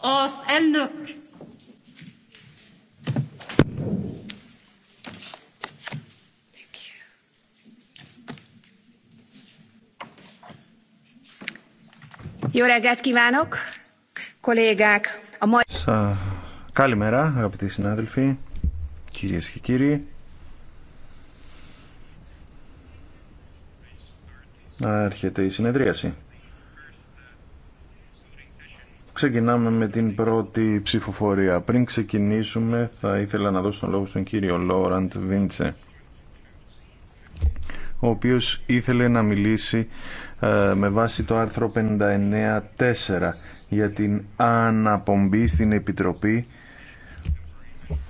Az elnök Jó reggelt kívánok, kollégák! A mai... Καλημέρα, αγαπητοί συνάδελφοι, κυρίες και κύριοι. Έρχεται η συνεδρίαση. Ξεκινάμε με την πρώτη ψηφοφορία. Πριν ξεκινήσουμε θα ήθελα να δώσω τον λόγο στον κύριο Λόραντ Βίντσε ο οποίος ήθελε να μιλήσει ε, με βάση το άρθρο 59.4 για την αναπομπή στην Επιτροπή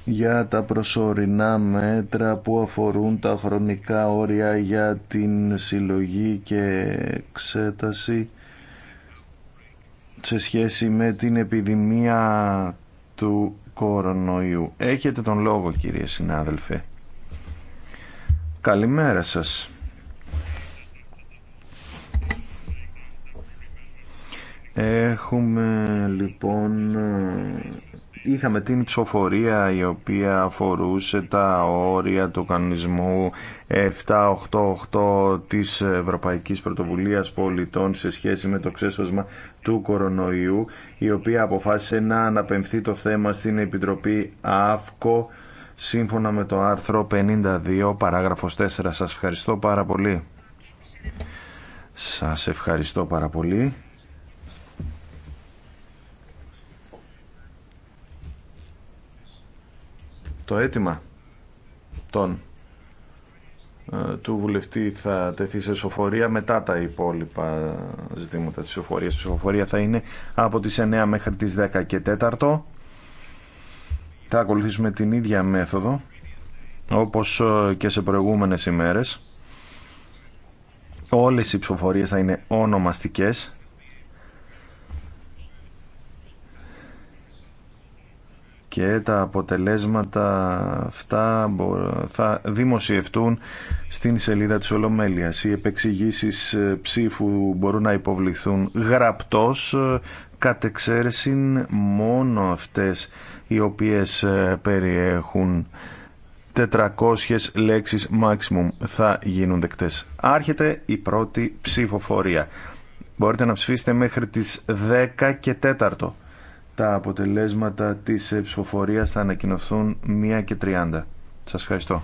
για τα προσωρινά μέτρα που αφορούν τα χρονικά όρια για την συλλογή και εξέταση σε σχέση με την επιδημία του κορονοϊού. Έχετε τον λόγο κύριε συνάδελφε. Καλημέρα σας. Έχουμε λοιπόν είχαμε την ψηφοφορία η οποία αφορούσε τα όρια του κανονισμού 788 της Ευρωπαϊκής Πρωτοβουλίας Πολιτών σε σχέση με το ξέσπασμα του κορονοϊού η οποία αποφάσισε να αναπεμφθεί το θέμα στην Επιτροπή ΑΦΚΟ σύμφωνα με το άρθρο 52 παράγραφος 4. Σας ευχαριστώ πάρα πολύ. Σας ευχαριστώ πάρα πολύ. το αίτημα των, ε, του βουλευτή θα τεθεί σε ψηφοφορία μετά τα υπόλοιπα ζητήματα της ψηφοφορίας. Η ψηφοφορία θα είναι από τις 9 μέχρι τις 10 και 4. Θα ακολουθήσουμε την ίδια μέθοδο όπως ε, και σε προηγούμενες ημέρες. Όλες οι ψηφοφορίες θα είναι ονομαστικές και τα αποτελέσματα αυτά θα δημοσιευτούν στην σελίδα της Ολομέλειας. Οι επεξηγήσεις ε, ψήφου μπορούν να υποβληθούν γραπτός, ε, κατ' εξαίρεση μόνο αυτές οι οποίες ε, περιέχουν 400 λέξεις maximum θα γίνουν δεκτές. Άρχεται η πρώτη ψηφοφορία. Μπορείτε να ψηφίσετε μέχρι τις 10 και 4 τα αποτελέσματα της ε, ψηφοφορία θα ανακοινωθούν 1 και 30. Σας ευχαριστώ.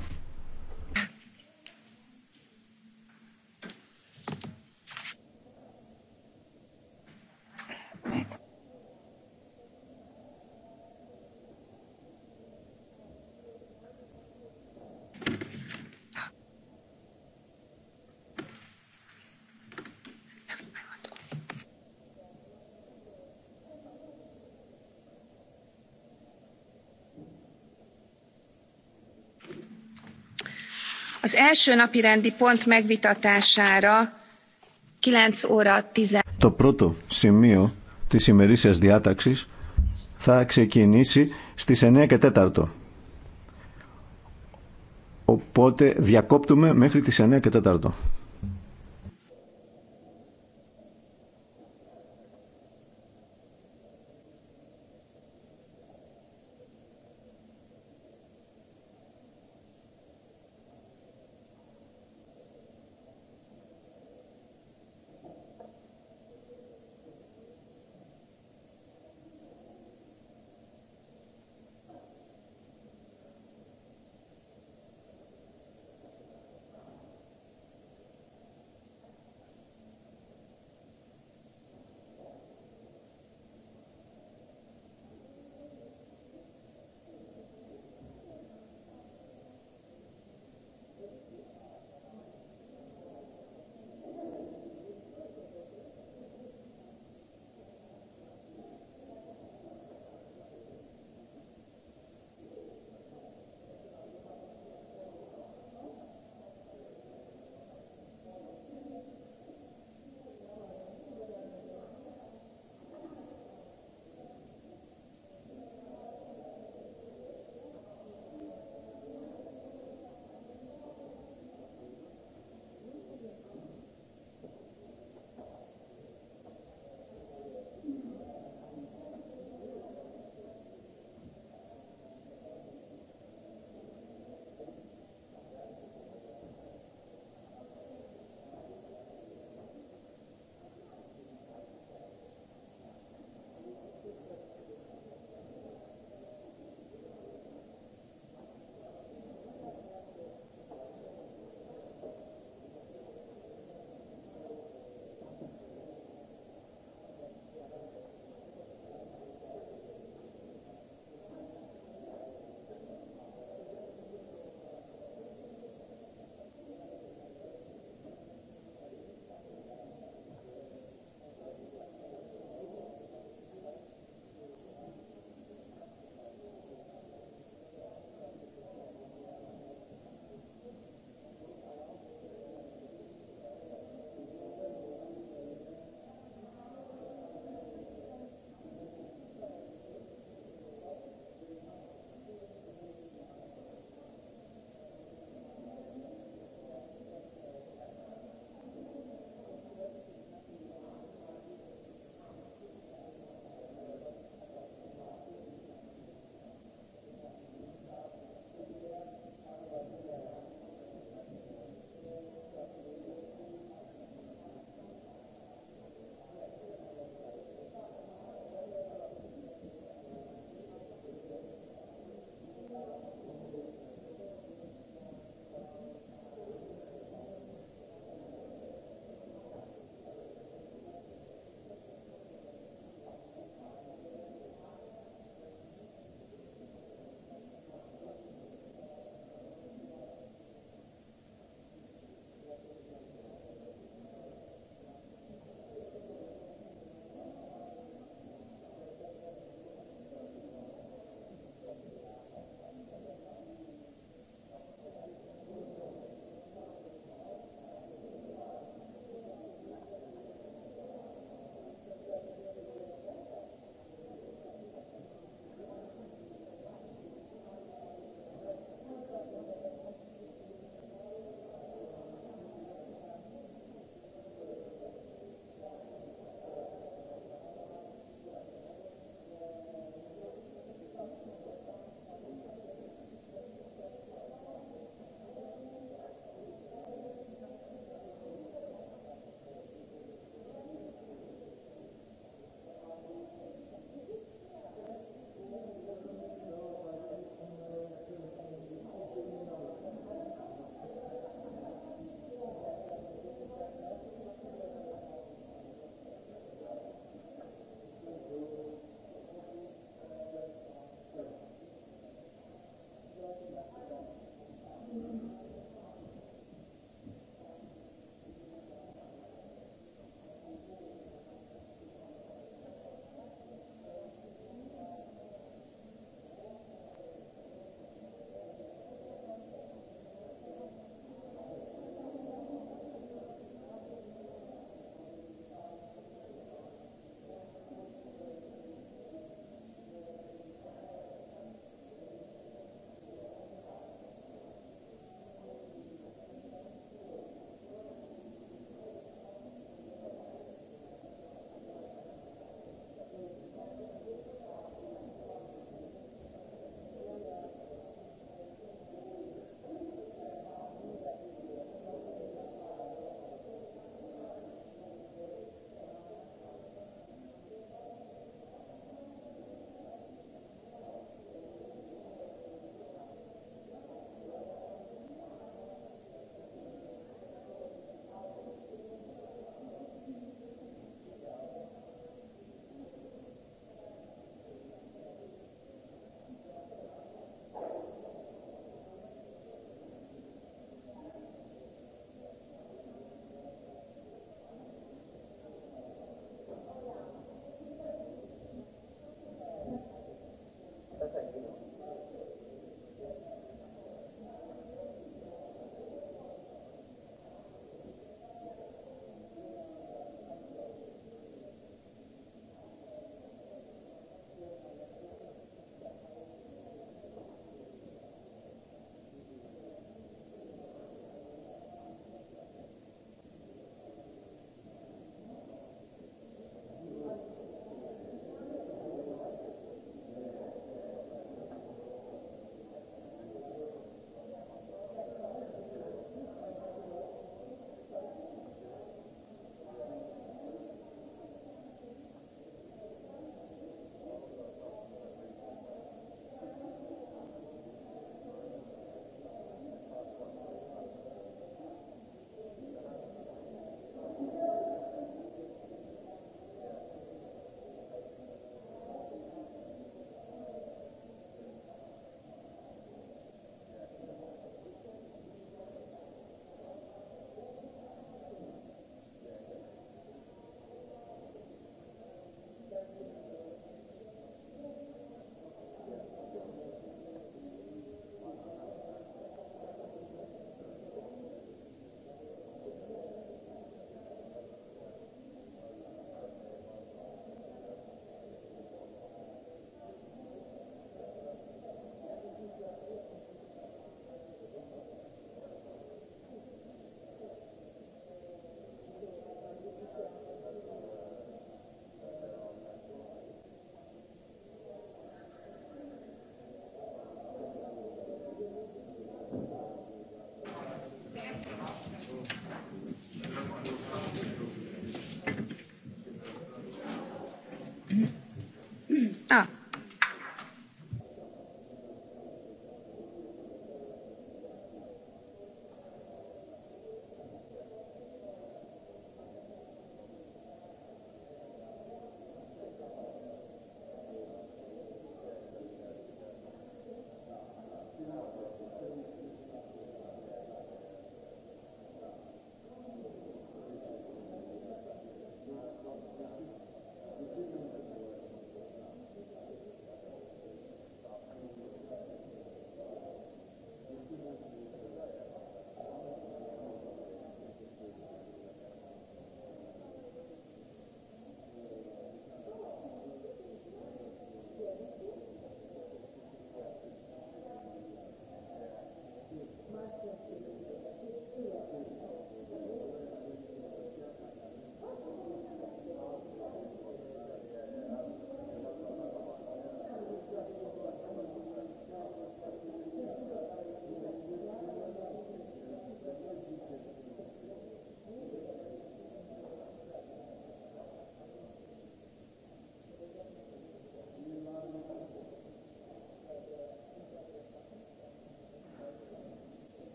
Az első napirendi pont megvitatására 9 óra 10. Το πρώτο σημείο τη ημερήσια διάταξη θα ξεκινήσει στι 9 και 4. Οπότε διακόπτουμε μέχρι τι 9 και 4.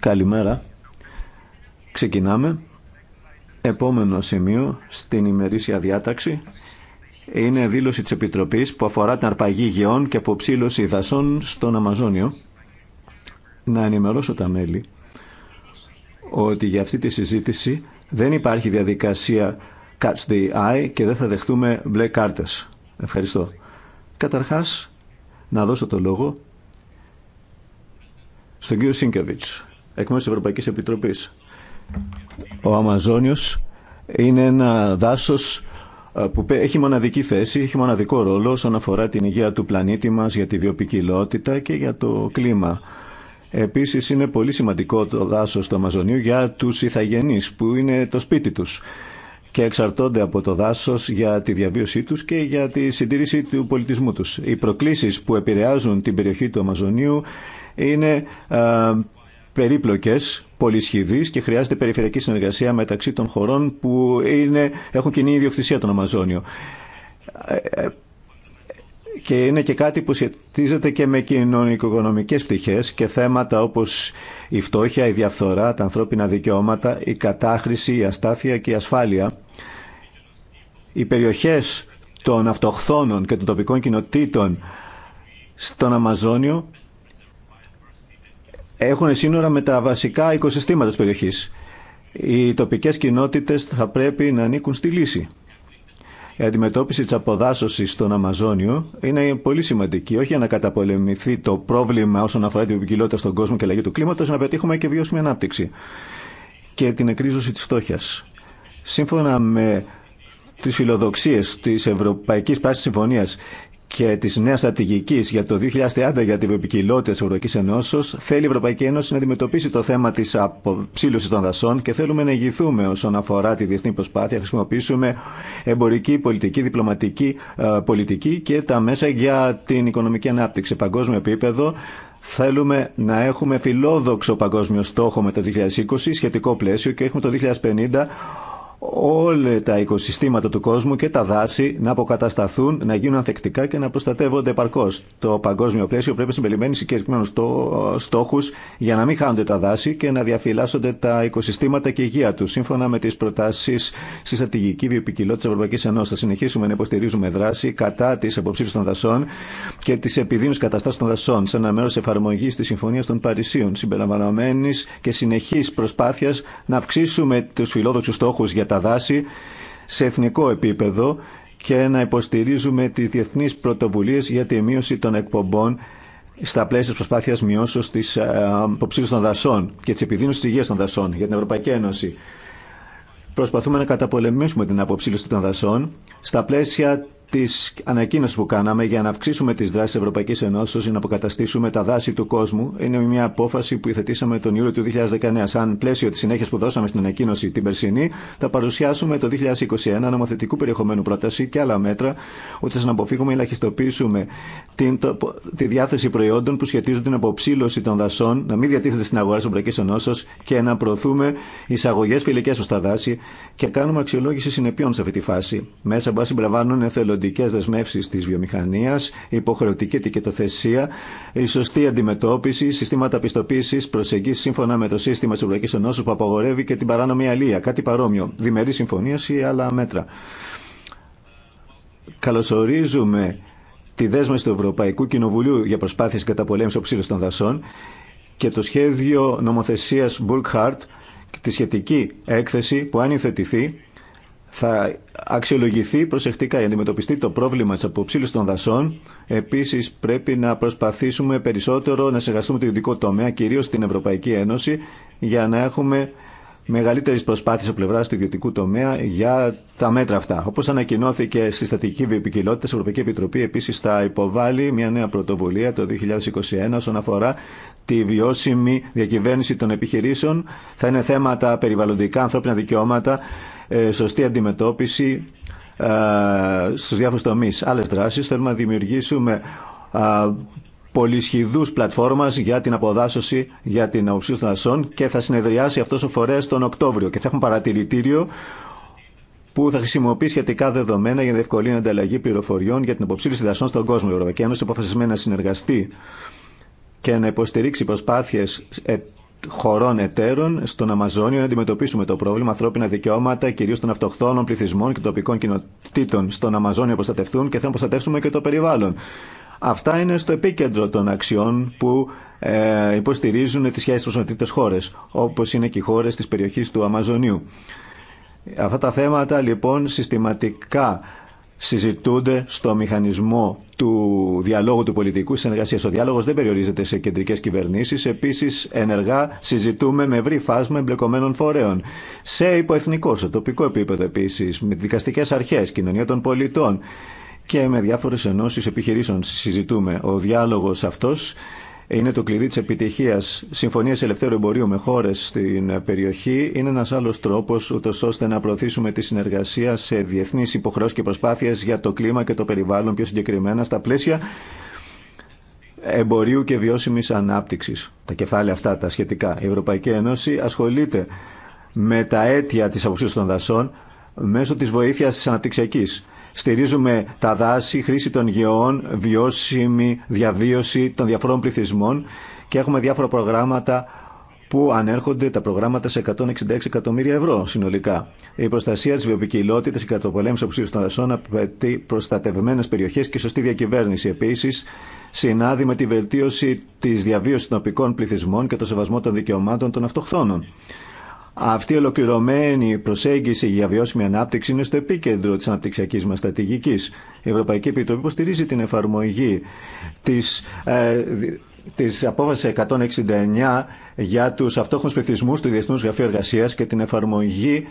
Καλημέρα. Ξεκινάμε. Επόμενο σημείο στην ημερήσια διάταξη είναι δήλωση της Επιτροπής που αφορά την αρπαγή γεών και αποψήλωση δασών στον Αμαζόνιο. Να ενημερώσω τα μέλη ότι για αυτή τη συζήτηση δεν υπάρχει διαδικασία catch the eye και δεν θα δεχτούμε μπλε κάρτες. Ευχαριστώ. Καταρχάς, να δώσω το λόγο στον κύριο Σίνκεβιτς, εκ μέρους της Ευρωπαϊκής Επιτροπής. Ο Αμαζόνιος είναι ένα δάσος ε, που έχει μοναδική θέση, έχει μοναδικό ρόλο όσον αφορά την υγεία του πλανήτη μας, για τη βιοπικιλότητα και για το κλίμα. Επίσης είναι πολύ σημαντικό το δάσος του Αμαζονίου για τους ηθαγενείς που είναι το σπίτι τους και εξαρτώνται από το δάσος για τη διαβίωσή τους και για τη συντήρηση του πολιτισμού τους. Οι προκλήσεις που επηρεάζουν την περιοχή του Αμαζονίου είναι περίπλοκες, πολυσχηδείς και χρειάζεται περιφερειακή συνεργασία μεταξύ των χωρών που είναι, έχουν κοινή ιδιοκτησία τον Αμαζόνιο ε, ε, και είναι και κάτι που σχετίζεται και με κοινωνικο πτυχές και θέματα όπως η φτώχεια, η διαφθορά, τα ανθρώπινα δικαιώματα, η κατάχρηση, η αστάθεια και η ασφάλεια. Οι περιοχές των αυτοχθόνων και των τοπικών κοινοτήτων στον Αμαζόνιο έχουν σύνορα με τα βασικά οικοσυστήματα της περιοχής. Οι τοπικές κοινότητες θα πρέπει να ανήκουν στη λύση. Η αντιμετώπιση της αποδάσωσης στον Αμαζόνιο είναι πολύ σημαντική, όχι για να καταπολεμηθεί το πρόβλημα όσον αφορά την ποικιλότητα στον κόσμο και αλλαγή του κλίματος, να πετύχουμε και βιώσιμη ανάπτυξη και την εκρίζωση της φτώχειας. Σύμφωνα με τις φιλοδοξίες της Ευρωπαϊκής Πράσινη Συμφωνίας και τη νέα στρατηγική για το 2030 για τη βιοπικιλότητα τη Ευρωπαϊκή Ενώσεω, θέλει η Ευρωπαϊκή Ένωση να αντιμετωπίσει το θέμα τη αποψήλωση των δασών και θέλουμε να ηγηθούμε όσον αφορά τη διεθνή προσπάθεια. Χρησιμοποιήσουμε εμπορική, πολιτική, διπλωματική ε, πολιτική και τα μέσα για την οικονομική ανάπτυξη. Σε παγκόσμιο επίπεδο θέλουμε να έχουμε φιλόδοξο παγκόσμιο στόχο με το 2020, σχετικό πλαίσιο και έχουμε το 2050 όλα τα οικοσυστήματα του κόσμου και τα δάση να αποκατασταθούν, να γίνουν ανθεκτικά και να προστατεύονται επαρκώ. Το παγκόσμιο πλαίσιο πρέπει να συμπεριμένει συγκεκριμένου στόχου για να μην χάνονται τα δάση και να διαφυλάσσονται τα οικοσυστήματα και η υγεία του, σύμφωνα με τι προτάσει στη στρατηγική βιοπικιλότητα τη Ευρωπαϊκή Ενώση. Θα συνεχίσουμε να υποστηρίζουμε δράση κατά τη αποψήφιση των δασών και τη επιδείνου καταστάσεων των δασών, σε ένα μέρο εφαρμογή τη Συμφωνία των Παρισίων, συμπεριλαμβανομένη και συνεχή προσπάθεια να αυξήσουμε του φιλόδοξου στόχου για τα δάση σε εθνικό επίπεδο και να υποστηρίζουμε τις διεθνείς πρωτοβουλίες για τη μείωση των εκπομπών στα πλαίσια τη προσπάθεια μειώσεω τη ε, αποψήλωση των δασών και τη επιδείνωση τη υγεία των δασών για την Ευρωπαϊκή Ένωση. Προσπαθούμε να καταπολεμήσουμε την αποψήλωση των δασών στα πλαίσια τη ανακοίνωση που κάναμε για να αυξήσουμε τι δράσει τη Ευρωπαϊκή Ενώση για να αποκαταστήσουμε τα δάση του κόσμου είναι μια απόφαση που υθετήσαμε τον Ιούλιο του 2019. Σαν πλαίσιο τη συνέχεια που δώσαμε στην ανακοίνωση την περσινή, θα παρουσιάσουμε το 2021 νομοθετικού περιεχομένου πρόταση και άλλα μέτρα, ώστε να αποφύγουμε ή να την, τη διάθεση προϊόντων που σχετίζουν την αποψήλωση των δασών, να μην διατίθεται στην αγορά τη Ευρωπαϊκή Ενώσεω και να προωθούμε εισαγωγέ φιλικέ ω τα δάση και κάνουμε αξιολόγηση συνεπειών σε αυτή τη φάση. Μέσα που συμπεριλαμβάνουν εθελοντικέ περιβαλλοντικέ δεσμεύσει τη βιομηχανία, υποχρεωτική ετικετοθεσία, η σωστή αντιμετώπιση, συστήματα πιστοποίηση, προσεγγίση σύμφωνα με το σύστημα τη Ευρωπαϊκή Ενώσεω που απαγορεύει και την παράνομη αλία, κάτι παρόμοιο, διμερή συμφωνία ή άλλα μέτρα. Καλωσορίζουμε τη δέσμευση του Ευρωπαϊκού Κοινοβουλίου για προσπάθειες καταπολέμησης οψίλωση των δασών και το σχέδιο νομοθεσία Burkhardt και τη σχετική έκθεση που αν υιοθετηθεί θα αξιολογηθεί προσεκτικά για να αντιμετωπιστεί το πρόβλημα τη αποψήλωση των δασών. Επίσης πρέπει να προσπαθήσουμε περισσότερο να συνεργαστούμε το ιδιωτικό τομέα, κυρίως στην Ευρωπαϊκή Ένωση, για να έχουμε μεγαλύτερης προσπάθειας από πλευρά του ιδιωτικού τομέα για τα μέτρα αυτά. Όπω ανακοινώθηκε στη Στατική Βιοπικιλότητα, η Ευρωπαϊκή Επιτροπή επίση θα υποβάλει μια νέα πρωτοβουλία το 2021 όσον αφορά τη βιώσιμη διακυβέρνηση των επιχειρήσεων. Θα είναι θέματα περιβαλλοντικά, ανθρώπινα δικαιώματα, ε, σωστή αντιμετώπιση ε, στου διάφορου τομεί. Άλλε δράσει. θέλουμε να δημιουργήσουμε πολυσχηδού πλατφόρμα για την αποδάσωση για την αουσία των δασών και θα συνεδριάσει αυτό ο φορέα τον Οκτώβριο και θα έχουν παρατηρητήριο που θα χρησιμοποιεί σχετικά δεδομένα για να διευκολύνει ανταλλαγή πληροφοριών για την αποψήφιση δασών στον κόσμο. Η Ευρωπαϊκή Ένωση αποφασισμένη να συνεργαστεί και να υποστηρίξει προσπάθειε ε, χωρών εταίρων στον Αμαζόνιο να αντιμετωπίσουμε το πρόβλημα ανθρώπινα δικαιώματα, κυρίω των αυτοχθόνων πληθυσμών και τοπικών κοινοτήτων στον Αμαζόνιο προστατευτούν και θέλουν προστατεύσουμε και το περιβάλλον. Αυτά είναι στο επίκεντρο των αξιών που ε, υποστηρίζουν τις σχέσεις με τρίτες χώρες, όπως είναι και οι χώρες της περιοχής του Αμαζονίου. Αυτά τα θέματα λοιπόν συστηματικά συζητούνται στο μηχανισμό του διαλόγου του πολιτικού συνεργασία. Ο διάλογος δεν περιορίζεται σε κεντρικές κυβερνήσεις. Επίσης, ενεργά συζητούμε με ευρύ φάσμα εμπλεκομένων φορέων. Σε υποεθνικό, σε τοπικό επίπεδο επίσης, με δικαστικές αρχές, κοινωνία των πολιτών, και με διάφορες ενώσεις επιχειρήσεων συζητούμε. Ο διάλογος αυτός είναι το κλειδί της επιτυχίας. Συμφωνίες ελευθέρου εμπορίου με χώρες στην περιοχή είναι ένας άλλος τρόπος ούτως ώστε να προωθήσουμε τη συνεργασία σε διεθνείς υποχρεώσεις και προσπάθειες για το κλίμα και το περιβάλλον πιο συγκεκριμένα στα πλαίσια εμπορίου και βιώσιμης ανάπτυξης. Τα κεφάλαια αυτά τα σχετικά. Η Ευρωπαϊκή Ένωση ασχολείται με τα αίτια της αποξύσεως των δασών μέσω της βοήθειας της αναπτυξιακής Στηρίζουμε τα δάση, χρήση των γεών, βιώσιμη διαβίωση των διαφόρων πληθυσμών και έχουμε διάφορα προγράμματα που ανέρχονται τα προγράμματα σε 166 εκατομμύρια ευρώ συνολικά. Η προστασία τη βιοπικιλότητα, η καταπολέμηση οξύδου των δασών απαιτεί προστατευμένε περιοχέ και σωστή διακυβέρνηση. Επίση, συνάδει με τη βελτίωση τη διαβίωση των οπικών πληθυσμών και το σεβασμό των δικαιωμάτων των αυτοχθόνων. Αυτή η ολοκληρωμένη προσέγγιση για βιώσιμη ανάπτυξη είναι στο επίκεντρο τη αναπτυξιακή μα στρατηγική. Η Ευρωπαϊκή Επιτροπή υποστηρίζει την εφαρμογή τη ε, της απόφασης 169 για του αυτόχους πληθυσμού του Διεθνούς Γραφείου Εργασία και την εφαρμογή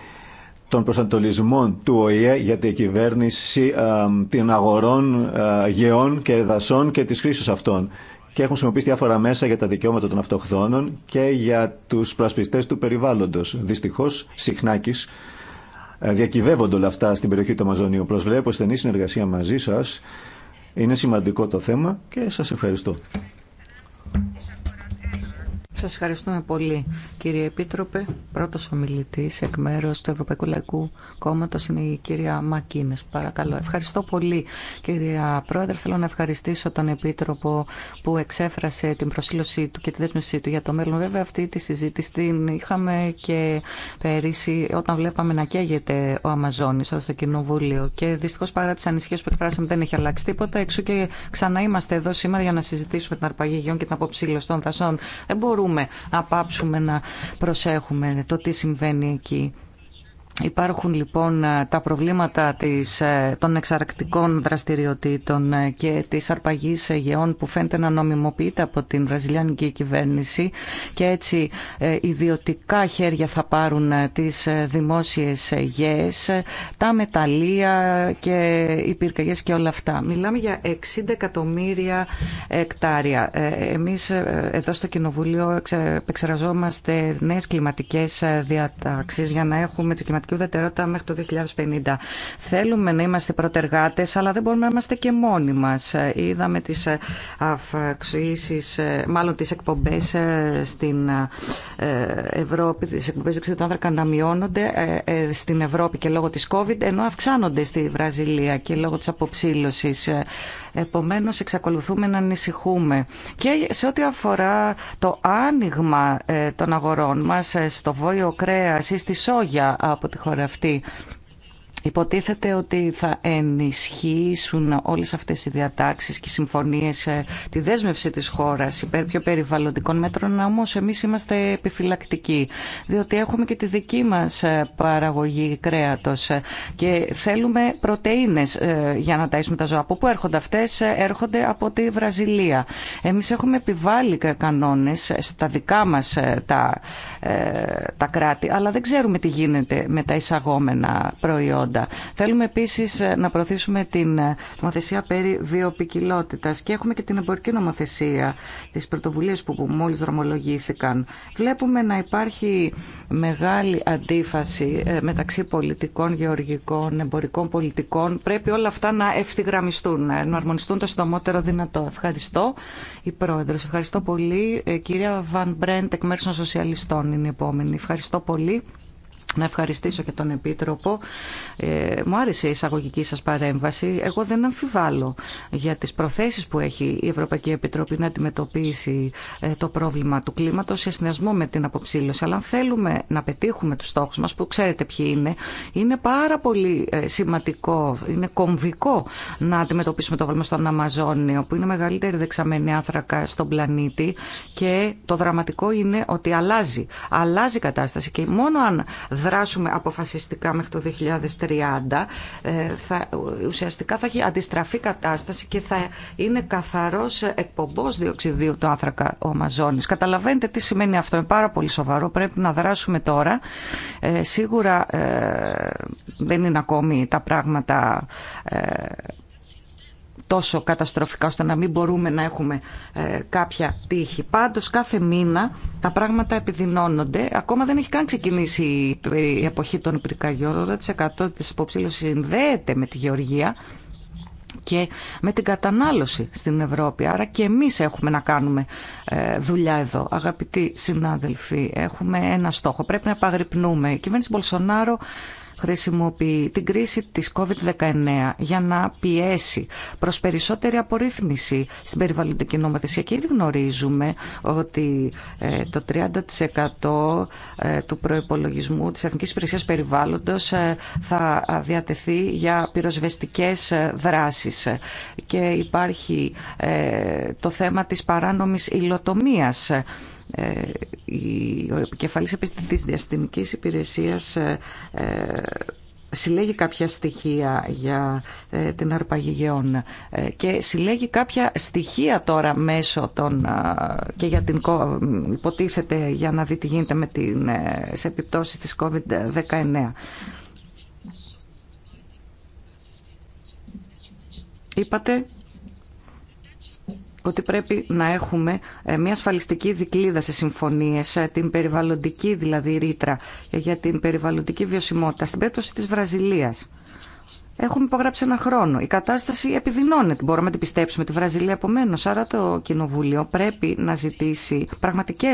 των προσανατολισμών του ΟΗΕ για την κυβέρνηση ε, των αγορών ε, γεών και δασών και τη χρήση αυτών και έχουν χρησιμοποιήσει διάφορα μέσα για τα δικαιώματα των αυτοχθόνων και για τους προασπιστές του περιβάλλοντος. Δυστυχώς, συχνάκης, ε, διακυβεύονται όλα αυτά στην περιοχή του Αμαζονίου. Προσβλέπω στενή συνεργασία μαζί σα Είναι σημαντικό το θέμα και σας ευχαριστώ. Σας ευχαριστούμε πολύ κύριε Επίτροπε. Πρώτος ομιλητής εκ μέρους του Ευρωπαϊκού Λαϊκού Κόμματος είναι η κυρία Μακίνες. Παρακαλώ. Ευχαριστώ πολύ κυρία Πρόεδρε. Θέλω να ευχαριστήσω τον Επίτροπο που εξέφρασε την προσήλωσή του και τη δέσμευσή του για το μέλλον. Βέβαια αυτή τη συζήτηση την είχαμε και πέρυσι όταν βλέπαμε να καίγεται ο Αμαζόνης στο Κοινοβούλιο και δυστυχώ παρά τι ανησυχίε που εκφράσαμε δεν έχει αλλάξει τίποτα. Εξού και ξανά είμαστε εδώ σήμερα για να συζητήσουμε την αρπαγή και την αποψήλωση των δασών. Δεν μπορούμε να πάψουμε να προσέχουμε το τι συμβαίνει εκεί. Υπάρχουν λοιπόν ε, τα προβλήματα της, ε, των εξαρκτικών δραστηριοτήτων ε, και της αρπαγής γεών που φαίνεται να νομιμοποιείται από την βραζιλιανική κυβέρνηση και έτσι ιδιωτικά χέρια θα πάρουν τις δημόσιες γέες, τα μεταλλεία και οι πυρκαγιές και όλα αυτά. Μιλάμε για 60 εκατομμύρια εκτάρια. Εμείς εδώ στο Κοινοβούλιο επεξεργαζόμαστε νέες κλιματικές διατάξεις για να έχουμε το και ουδετερότητα μέχρι το 2050. Θέλουμε να είμαστε πρωτεργάτε, αλλά δεν μπορούμε να είμαστε και μόνοι μας. Είδαμε τις ε, αυξήσει, ε, μάλλον τις εκπομπές ε, στην Ευρώπη, τις εκπομπές του Ξύλου άνθρακα να μειώνονται στην Ευρώπη και λόγω της COVID, ενώ αυξάνονται στη Βραζιλία και λόγω της αποψήλωση. Επομένως, εξακολουθούμε να ανησυχούμε. Και σε ό,τι αφορά το άνοιγμα των αγορών μα, στο βόλιο κρέα ή στη σόγια από τη χώρα αυτή. Υποτίθεται ότι θα ενισχύσουν όλες αυτές οι διατάξεις και συμφωνίες ε, τη δέσμευση της χώρας υπέρ πιο περιβαλλοντικών μέτρων, όμως εμείς είμαστε επιφυλακτικοί, διότι έχουμε και τη δική μας ε, παραγωγή κρέατος ε, και θέλουμε πρωτεΐνες για να ταΐσουμε τα ζώα. Από πού έρχονται αυτές, έρχονται από τη Βραζιλία. Εμείς έχουμε επιβάλει κανόνες στα δικά μας τα, τα κράτη, αλλά δεν ξέρουμε τι γίνεται με τα εισαγόμενα προϊόντα. Θέλουμε επίσης ε, να προωθήσουμε την ε, νομοθεσία περί βιοπικιλότητα και έχουμε και την εμπορική νομοθεσία, τι πρωτοβουλίε που μόλις δρομολογήθηκαν. Βλέπουμε να υπάρχει μεγάλη αντίφαση ε, μεταξύ πολιτικών, γεωργικών, εμπορικών πολιτικών. Πρέπει όλα αυτά να ευθυγραμμιστούν, να αρμονιστούν το συντομότερο δυνατό. Ευχαριστώ, η πρόεδρο. Ευχαριστώ πολύ, κυρία Βαν Μπρέντ, εκ των Σοσιαλιστών είναι η επόμενη. Ευχαριστώ πολύ. Να ευχαριστήσω και τον Επίτροπο. Ε, μου άρεσε η εισαγωγική σας παρέμβαση. Εγώ δεν αμφιβάλλω για τις προθέσεις που έχει η Ευρωπαϊκή Επιτροπή να αντιμετωπίσει ε, το πρόβλημα του κλίματος σε συνδυασμό με την αποψήλωση. Αλλά αν θέλουμε να πετύχουμε τους στόχους μας, που ξέρετε ποιοι είναι, είναι πάρα πολύ ε, σημαντικό, είναι κομβικό να αντιμετωπίσουμε το πρόβλημα στον Αμαζόνιο, που είναι μεγαλύτερη δεξαμενή άνθρακα στον πλανήτη και το δραματικό είναι ότι αλλάζει. Αλλάζει η κατάσταση και μόνο αν δράσουμε αποφασιστικά μέχρι το 2030, ε, ουσιαστικά θα έχει αντιστραφεί κατάσταση και θα είναι καθαρός εκπομπός διοξιδίου του άνθρακα ο Αμαζόνης. Καταλαβαίνετε τι σημαίνει αυτό. Είναι πάρα πολύ σοβαρό. Πρέπει να δράσουμε τώρα. Ε, σίγουρα ε, δεν είναι ακόμη τα πράγματα ε, τόσο καταστροφικά ώστε να μην μπορούμε να έχουμε ε, κάποια τύχη. Πάντως κάθε μήνα τα πράγματα επιδεινώνονται. Ακόμα δεν έχει καν ξεκινήσει η εποχή των πυρκαγιών. 80% της υποψήλωσης συνδέεται με τη γεωργία και με την κατανάλωση στην Ευρώπη. Άρα και εμείς έχουμε να κάνουμε ε, δουλειά εδώ. Αγαπητοί συνάδελφοι, έχουμε ένα στόχο. Πρέπει να επαγρυπνούμε. Η κυβέρνηση Μπολσονάρο χρησιμοποιεί την κρίση της COVID-19 για να πιέσει προς περισσότερη απορρίθμιση στην περιβαλλοντική νομοθεσία. Και ήδη γνωρίζουμε ότι ε, το 30% ε, του προϋπολογισμού της Εθνικής Υπηρεσίας Περιβάλλοντος ε, θα διατεθεί για πυροσβεστικές δράσεις. Και υπάρχει το θέμα της παράνομης υλοτομίας ε, ο επικεφαλής επιστητής διαστημικής υπηρεσίας ε, ε, συλλέγει κάποια στοιχεία για την αρπαγή γεών και συλλέγει κάποια στοιχεία τώρα μέσω των και για την υποτίθεται για να δει τι γίνεται με την, σε επιπτώσεις της COVID-19. Είπατε ότι πρέπει να έχουμε ε, μια ασφαλιστική δικλίδα σε συμφωνίες, ε, την περιβαλλοντική δηλαδή ρήτρα για την περιβαλλοντική βιωσιμότητα. Στην περίπτωση της Βραζιλίας έχουμε υπογράψει ένα χρόνο. Η κατάσταση επιδεινώνεται. Μπορούμε να την πιστέψουμε τη Βραζιλία επομένω. Άρα το Κοινοβούλιο πρέπει να ζητήσει πραγματικέ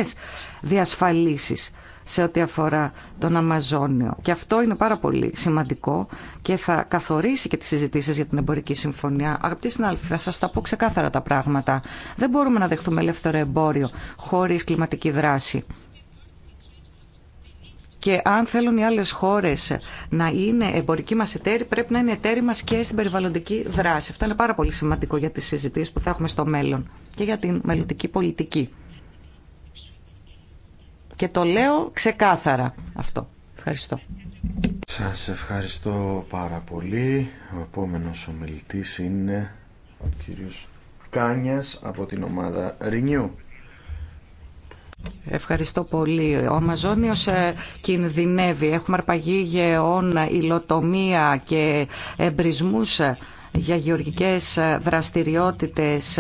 διασφαλίσει σε ό,τι αφορά τον Αμαζόνιο. Και αυτό είναι πάρα πολύ σημαντικό και θα καθορίσει και τι συζητήσει για την εμπορική συμφωνία. Αγαπητοί συνάδελφοι, θα σα τα πω ξεκάθαρα τα πράγματα. Δεν μπορούμε να δεχθούμε ελεύθερο εμπόριο χωρί κλιματική δράση. Και αν θέλουν οι άλλες χώρες να είναι εμπορικοί μας εταίροι, πρέπει να είναι εταίροι μας και στην περιβαλλοντική δράση. Αυτό είναι πάρα πολύ σημαντικό για τις συζητήσεις που θα έχουμε στο μέλλον και για την μελλοντική πολιτική. Και το λέω ξεκάθαρα αυτό. Ευχαριστώ. Σας ευχαριστώ πάρα πολύ. Ο επόμενος ομιλητής είναι ο κύριος Κάνιας από την ομάδα Renew. Ευχαριστώ πολύ. Ο Αμαζόνιος ε, κινδυνεύει. Έχουμε αρπαγή γεών, υλοτομία και εμπρισμούς ε, για γεωργικές ε, δραστηριότητες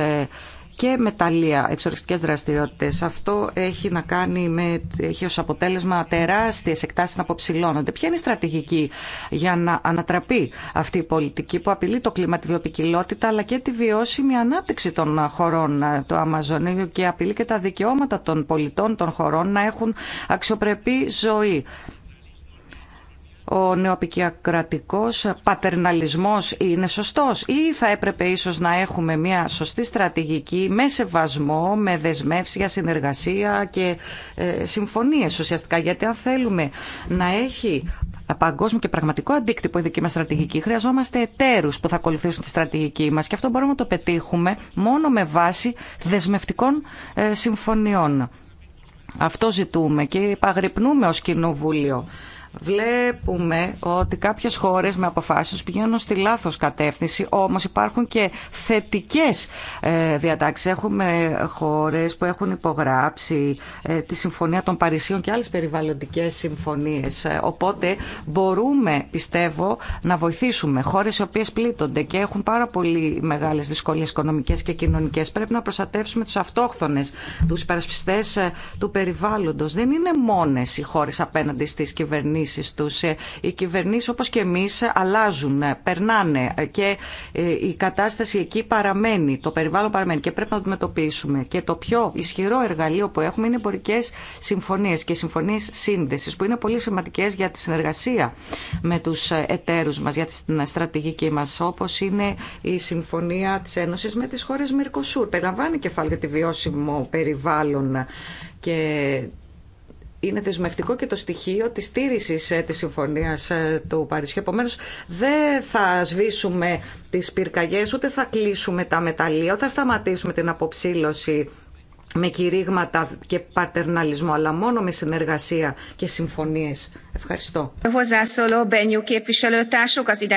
και μεταλλεία εξοριστικές δραστηριότητες. Αυτό έχει να κάνει με, έχει ως αποτέλεσμα τεράστιες εκτάσεις να αποψηλώνονται. Ποια είναι η στρατηγική για να ανατραπεί αυτή η πολιτική που απειλεί το κλίμα, τη βιοπικιλότητα αλλά και τη βιώσιμη ανάπτυξη των χωρών του Αμαζονίου και απειλεί και τα δικαιώματα των πολιτών των χωρών να έχουν αξιοπρεπή ζωή ο νεοπικιακρατικός πατερναλισμός είναι σωστός ή θα έπρεπε ίσως να έχουμε μια σωστή στρατηγική με σεβασμό, με δεσμεύσεις συνεργασία και ε, συμφωνίες ουσιαστικά. Γιατί αν θέλουμε να έχει παγκόσμιο και πραγματικό αντίκτυπο η δική μας στρατηγική. Χρειαζόμαστε εταίρους που θα ακολουθήσουν τη στρατηγική μας... και αυτό μπορούμε να το πετύχουμε μόνο με βάση δεσμευτικών ε, συμφωνιών. Αυτό ζητούμε και υπαγρυπνούμε ως Κοινοβούλιο Βλέπουμε ότι κάποιες χώρες με αποφάσεις πηγαίνουν στη λάθος κατεύθυνση, όμως υπάρχουν και θετικές ε, διατάξεις. Έχουμε χώρες που έχουν υπογράψει ε, τη Συμφωνία των Παρισίων και άλλες περιβαλλοντικές συμφωνίες. Ε, οπότε μπορούμε, πιστεύω, να βοηθήσουμε χώρες οι οποίες πλήττονται και έχουν πάρα πολύ μεγάλες δυσκολίες οικονομικές και κοινωνικές. Πρέπει να προστατεύσουμε τους αυτόχθονες, τους υπερασπιστές του περιβάλλοντος. Δεν είναι μόνες οι χώρες απέναντι στις κυβερνήσει τους. Ε, οι κυβερνήσεις όπως και εμείς αλλάζουν, ε, περνάνε ε, και η κατάσταση εκεί παραμένει, το περιβάλλον παραμένει και πρέπει να το αντιμετωπίσουμε. Και το πιο ισχυρό εργαλείο που έχουμε είναι εμπορικέ συμφωνίες και συμφωνίες σύνδεσης που είναι πολύ σημαντικές για τη συνεργασία με τους εταίρους μας, για την στρατηγική μας όπως είναι η συμφωνία της Ένωσης με τις χώρες Μερκοσούρ. Περιλαμβάνει κεφάλαιο για τη βιώσιμο περιβάλλον και είναι δεσμευτικό και το στοιχείο της στήρησης ε, της Συμφωνίας ε, του Παρισιού. Επομένω, δεν θα σβήσουμε τις πυρκαγιές, ούτε θα κλείσουμε τα μεταλλεία, ούτε θα σταματήσουμε την αποψήλωση με κηρύγματα και παρτερναλισμό, αλλά μόνο με συνεργασία και συμφωνίες. Ευχαριστώ.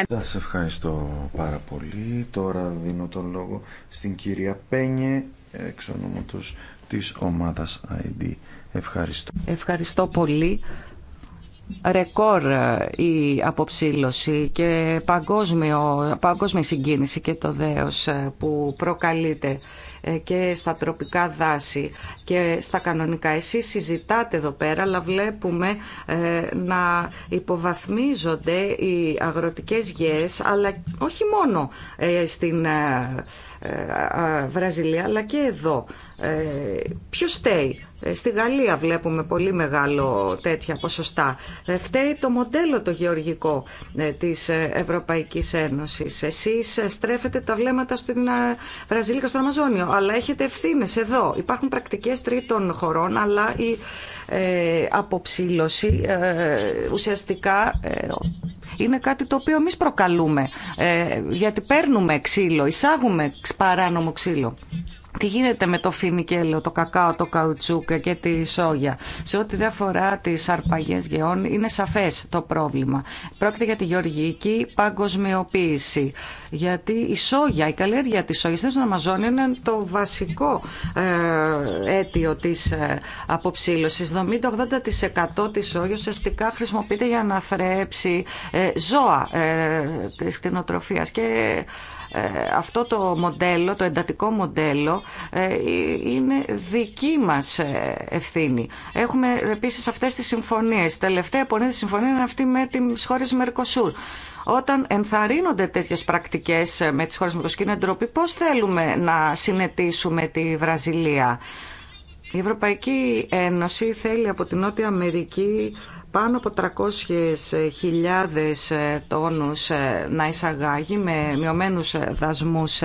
Σας ευχαριστώ πάρα πολύ. Τώρα δίνω τον λόγο στην κυρία Πένιε, εξ ονόματος της ομάδας ID. Ευχαριστώ. Ευχαριστώ πολύ. Ρεκόρ ε, η αποψήλωση και παγκόσμιο, παγκόσμια συγκίνηση και το δέος ε, που προκαλείται ε, και στα τροπικά δάση και στα κανονικά. Εσείς συζητάτε εδώ πέρα, αλλά βλέπουμε να υποβαθμίζονται οι αγροτικές γιές, αλλά όχι μόνο στην Βραζιλία, αλλά και εδώ. Ποιος στέει ε, στη Γαλλία βλέπουμε πολύ μεγάλο τέτοια ποσοστά. Ε, φταίει το μοντέλο το γεωργικό ε, της Ευρωπαϊκής Ένωσης. Εσείς στρέφετε τα βλέμματα στην Βραζίλικα, και στο Αμαζόνιο, αλλά έχετε ευθύνες εδώ. Υπάρχουν πρακτικές τρίτων χωρών, αλλά η αποψήλωση ουσιαστικά είναι κάτι το οποίο εμεί προκαλούμε, γιατί παίρνουμε ξύλο, εισάγουμε παράνομο ξύλο τι γίνεται με το φίνικελο, το κακάο, το καουτσούκα και τη σόγια. Σε ό,τι δεν αφορά τι αρπαγέ γεών, είναι σαφέ το πρόβλημα. Πρόκειται για τη γεωργική παγκοσμιοποίηση. Γιατί η σόγια, η καλλιέργεια τη σόγια στην Αμαζόνια είναι το βασικό ε, αίτιο τη ε, αποψήλωση. 70-80% τη σόγια ουσιαστικά χρησιμοποιείται για να θρέψει ε, ζώα ε, τη κτηνοτροφία. Και ε, αυτό το μοντέλο, το εντατικό μοντέλο ε, είναι δική μας ε, ευθύνη. Έχουμε επίσης αυτές τις συμφωνίες. Η τελευταία επονίδη συμφωνία είναι αυτή με τις χώρες Μερκοσούρ. Όταν ενθαρρύνονται τέτοιες πρακτικές με τις χώρες Μερκοσούρ είναι ντροπή, πώς θέλουμε να συνετίσουμε τη Βραζιλία. Η Ευρωπαϊκή Ένωση θέλει από την Νότια Αμερική πάνω από 300.000 ε, τόνους ε, να εισαγάγει με μειωμένους ε, δασμούς.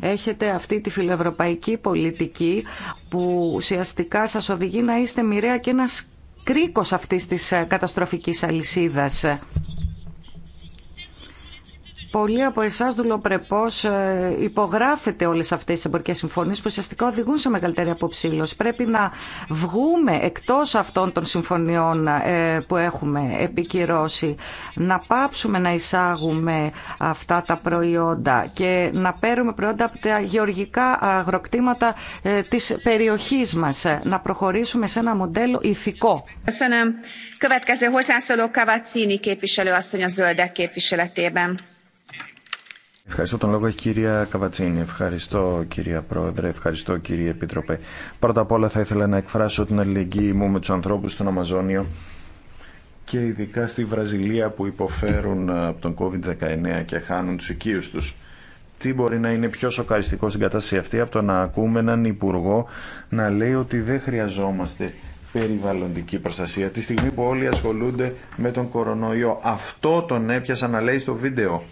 Έχετε αυτή τη φιλοευρωπαϊκή πολιτική που ουσιαστικά σας οδηγεί να είστε μοιραία και ένας κρίκος αυτής της καταστροφικής αλυσίδας πολλοί από εσά δουλοπρεπώ ε, υπογράφετε όλε αυτέ τι εμπορικέ συμφωνίε που ουσιαστικά οδηγούν σε μεγαλύτερη αποψήλωση. Πρέπει να βγούμε εκτό αυτών των συμφωνιών ε, που έχουμε επικυρώσει, να πάψουμε να εισάγουμε αυτά τα προϊόντα και να παίρνουμε προϊόντα από τα γεωργικά αγροκτήματα ε, τη περιοχή μα. Να προχωρήσουμε σε ένα μοντέλο ηθικό. Ευχαριστώ τον λόγο, κυρία Καβατσίνη. Ευχαριστώ, κυρία Πρόεδρε. Ευχαριστώ, κύριε Επίτροπε. Πρώτα απ' όλα θα ήθελα να εκφράσω την αλληλεγγύη μου με του ανθρώπου στον Αμαζόνιο και ειδικά στη Βραζιλία που υποφέρουν ε, από τον COVID-19 και χάνουν του οικείου του. Τι μπορεί να είναι πιο σοκαριστικό στην κατάσταση αυτή από το να ακούμε έναν υπουργό να λέει ότι δεν χρειαζόμαστε περιβαλλοντική προστασία τη στιγμή που όλοι ασχολούνται με τον κορονοϊό. Αυτό τον έπιασα να λέει στο βίντεο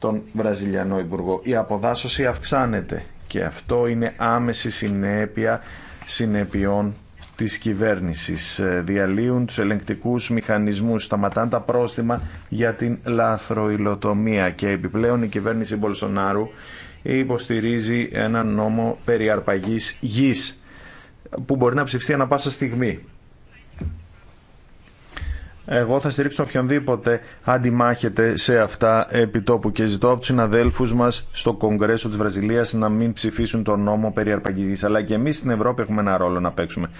τον Βραζιλιανό Υπουργό. Η αποδάσωση αυξάνεται και αυτό είναι άμεση συνέπεια συνέπειών της κυβέρνησης. Ε, διαλύουν τους ελεγκτικούς μηχανισμούς, σταματάν τα πρόστιμα για την λαθροϊλοτομία και επιπλέον η κυβέρνηση Μπολσονάρου υποστηρίζει ένα νόμο περί αρπαγής γης που μπορεί να ψηφιστεί ανα πάσα στιγμή. Εγώ θα στηρίξω οποιονδήποτε αντιμάχεται σε αυτά επί τόπου και ζητώ από του συναδέλφου μα στο Κογκρέσο τη Βραζιλία να μην ψηφίσουν τον νόμο περί αρπαγή. Αλλά και εμεί στην Ευρώπη έχουμε ένα ρόλο να παίξουμε.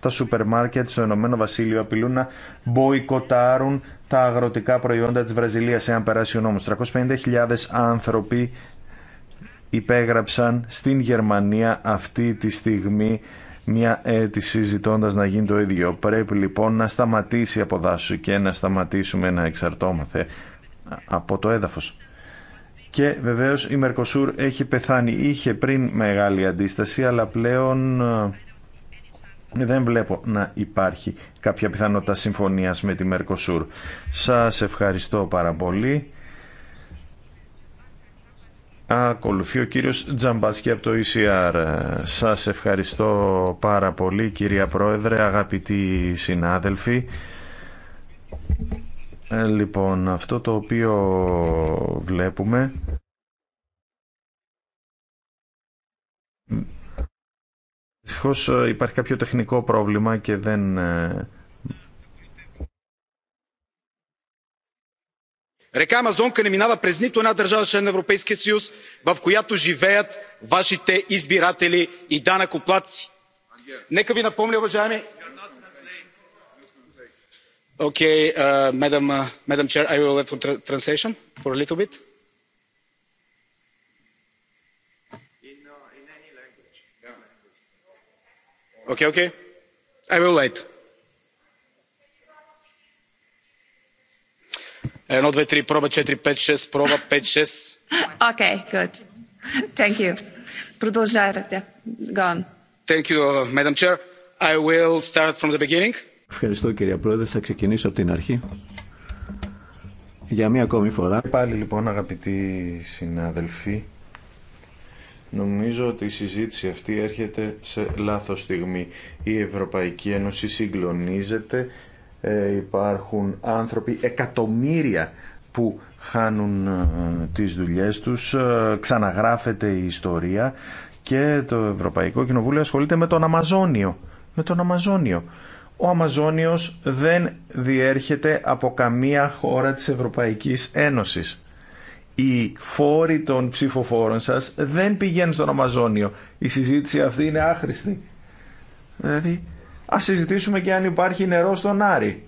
Τα σούπερ μάρκετ στο Ηνωμένο Βασίλειο απειλούν να μποϊκοτάρουν τα αγροτικά προϊόντα τη Βραζιλία εάν περάσει ο νόμο. 350.000 άνθρωποι υπέγραψαν στην Γερμανία αυτή τη στιγμή μια αίτηση ζητώντας να γίνει το ίδιο. Πρέπει λοιπόν να σταματήσει από αποδάσωση και να σταματήσουμε να εξαρτώμαθε από το έδαφος. Και βεβαίως η Μερκοσούρ έχει πεθάνει. Είχε πριν μεγάλη αντίσταση αλλά πλέον ε, δεν βλέπω να υπάρχει κάποια πιθανότητα συμφωνίας με τη Μερκοσούρ. Σας ευχαριστώ πάρα πολύ. Ακολουθεί ο κύριος Τζαμπάσκη από το ECR. Σας ευχαριστώ πάρα πολύ κυρία Πρόεδρε, αγαπητοί συνάδελφοι. Ε, λοιπόν, αυτό το οποίο βλέπουμε Δυστυχώ ε, υπάρχει κάποιο τεχνικό πρόβλημα και δεν ε, река амазонка не минава през нито една държава член на европейския съюз в която живеят вашите избиратели и данъкоплатци. нека ви напомня уважаеми Ευχαριστώ κυρία Πρόεδρε, θα ξεκινήσω από την αρχή. Για μία ακόμη φορά. Πάλι λοιπόν αγαπητοί συνάδελφοι, Νομίζω ότι η συζήτηση αυτή έρχεται σε λάθος στιγμή. Η Ευρωπαϊκή Ένωση συγκλονίζεται ε, υπάρχουν άνθρωποι, εκατομμύρια που χάνουν ε, τις δουλειές τους, ε, ξαναγράφεται η ιστορία και το Ευρωπαϊκό Κοινοβούλιο ασχολείται με τον Αμαζόνιο. Με τον Αμαζόνιο. Ο Αμαζόνιος δεν διέρχεται από καμία χώρα της Ευρωπαϊκής Ένωσης. Οι φόροι των ψηφοφόρων σας δεν πηγαίνουν στον Αμαζόνιο. Η συζήτηση αυτή είναι άχρηστη. Δηλαδή, Ας συζητήσουμε και αν υπάρχει νερό στον Άρη.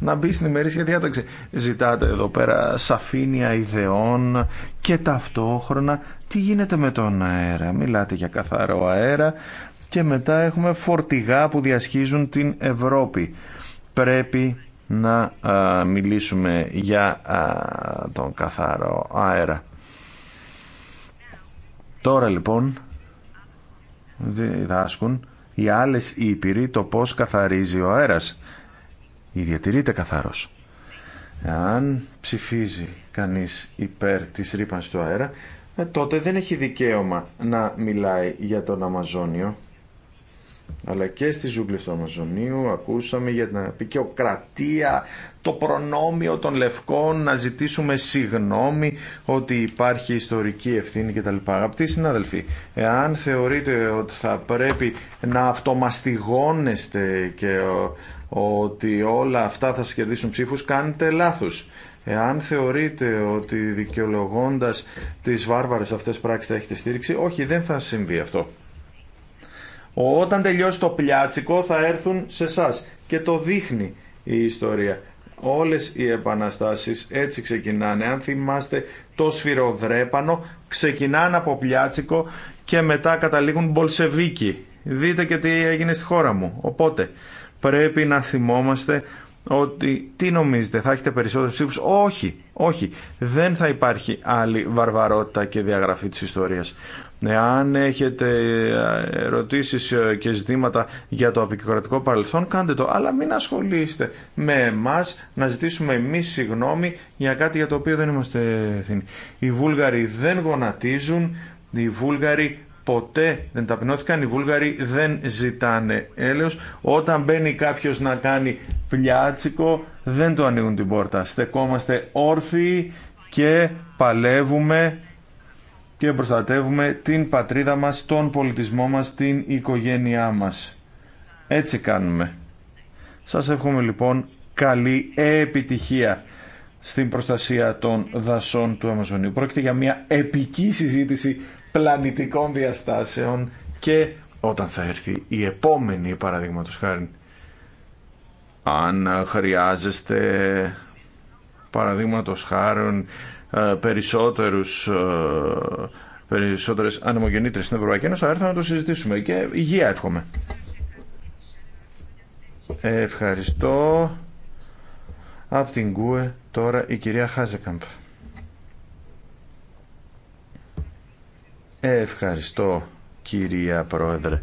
να μπει στην ημερήσια διάταξη. Ζητάτε εδώ πέρα σαφήνια ιδεών και ταυτόχρονα τι γίνεται με τον αέρα. Μιλάτε για καθαρό αέρα και μετά έχουμε φορτηγά που διασχίζουν την Ευρώπη. Πρέπει να μιλήσουμε για τον καθαρό αέρα. Τώρα λοιπόν διδάσκουν οι άλλες ήπειροι το πώς καθαρίζει ο αέρας. Ή διατηρείται καθαρός. Αν ψηφίζει κανείς υπέρ της ρήπανσης του αέρα, ε, τότε δεν έχει δικαίωμα να μιλάει για τον Αμαζόνιο αλλά και στις ζούγκλες του Αμαζονίου ακούσαμε για την απεικιοκρατία, το προνόμιο των λευκών, να ζητήσουμε συγνώμη ότι υπάρχει ιστορική ευθύνη κτλ. Αγαπητοί συνάδελφοι, εάν θεωρείτε ότι θα πρέπει να αυτομαστιγώνεστε και ότι όλα αυτά θα σχεδίσουν ψήφους, κάνετε λάθος. Εάν θεωρείτε ότι δικαιολογώντας τις βάρβαρες αυτές πράξεις θα έχετε στήριξη, όχι δεν θα συμβεί αυτό. Όταν τελειώσει το πλιάτσικο θα έρθουν σε εσά. Και το δείχνει η ιστορία. Όλες οι επαναστάσεις έτσι ξεκινάνε. Αν θυμάστε το σφυροδρέπανο, ξεκινάνε από πλιάτσικο και μετά καταλήγουν μπολσεβίκοι. Δείτε και τι έγινε στη χώρα μου. Οπότε πρέπει να θυμόμαστε ότι τι νομίζετε, θα έχετε περισσότερες ψήφους. Όχι, όχι. Δεν θα υπάρχει άλλη βαρβαρότητα και διαγραφή της ιστορίας. Αν έχετε ε, ερωτήσεις ε, και ζητήματα για το απεικιοκρατικό παρελθόν, κάντε το. Αλλά μην ασχολείστε με εμά να ζητήσουμε εμεί συγγνώμη για κάτι για το οποίο δεν είμαστε ευθύνοι. Οι Βούλγαροι δεν γονατίζουν, οι Βούλγαροι ποτέ δεν ταπεινώθηκαν, οι Βούλγαροι δεν ζητάνε έλεος. Όταν μπαίνει κάποιος να κάνει πλιάτσικο, δεν του ανοίγουν την πόρτα. Στεκόμαστε όρθιοι και παλεύουμε και προστατεύουμε την πατρίδα μας, τον πολιτισμό μας, την οικογένειά μας. Έτσι κάνουμε. Σας εύχομαι λοιπόν καλή επιτυχία στην προστασία των δασών του Αμαζονίου. Πρόκειται για μια επική συζήτηση πλανητικών διαστάσεων και όταν θα έρθει η επόμενη παραδείγματος χάρη αν χρειάζεστε παραδείγματος χάρη ε, περισσότερους ε, περισσότερες ανεμογεννήτρες στην Ευρωπαϊκή Ένωση θα έρθω να το συζητήσουμε και υγεία εύχομαι Ευχαριστώ Απ' την ΚΟΕ τώρα η κυρία Χάζεκαμπ Ευχαριστώ κυρία Πρόεδρε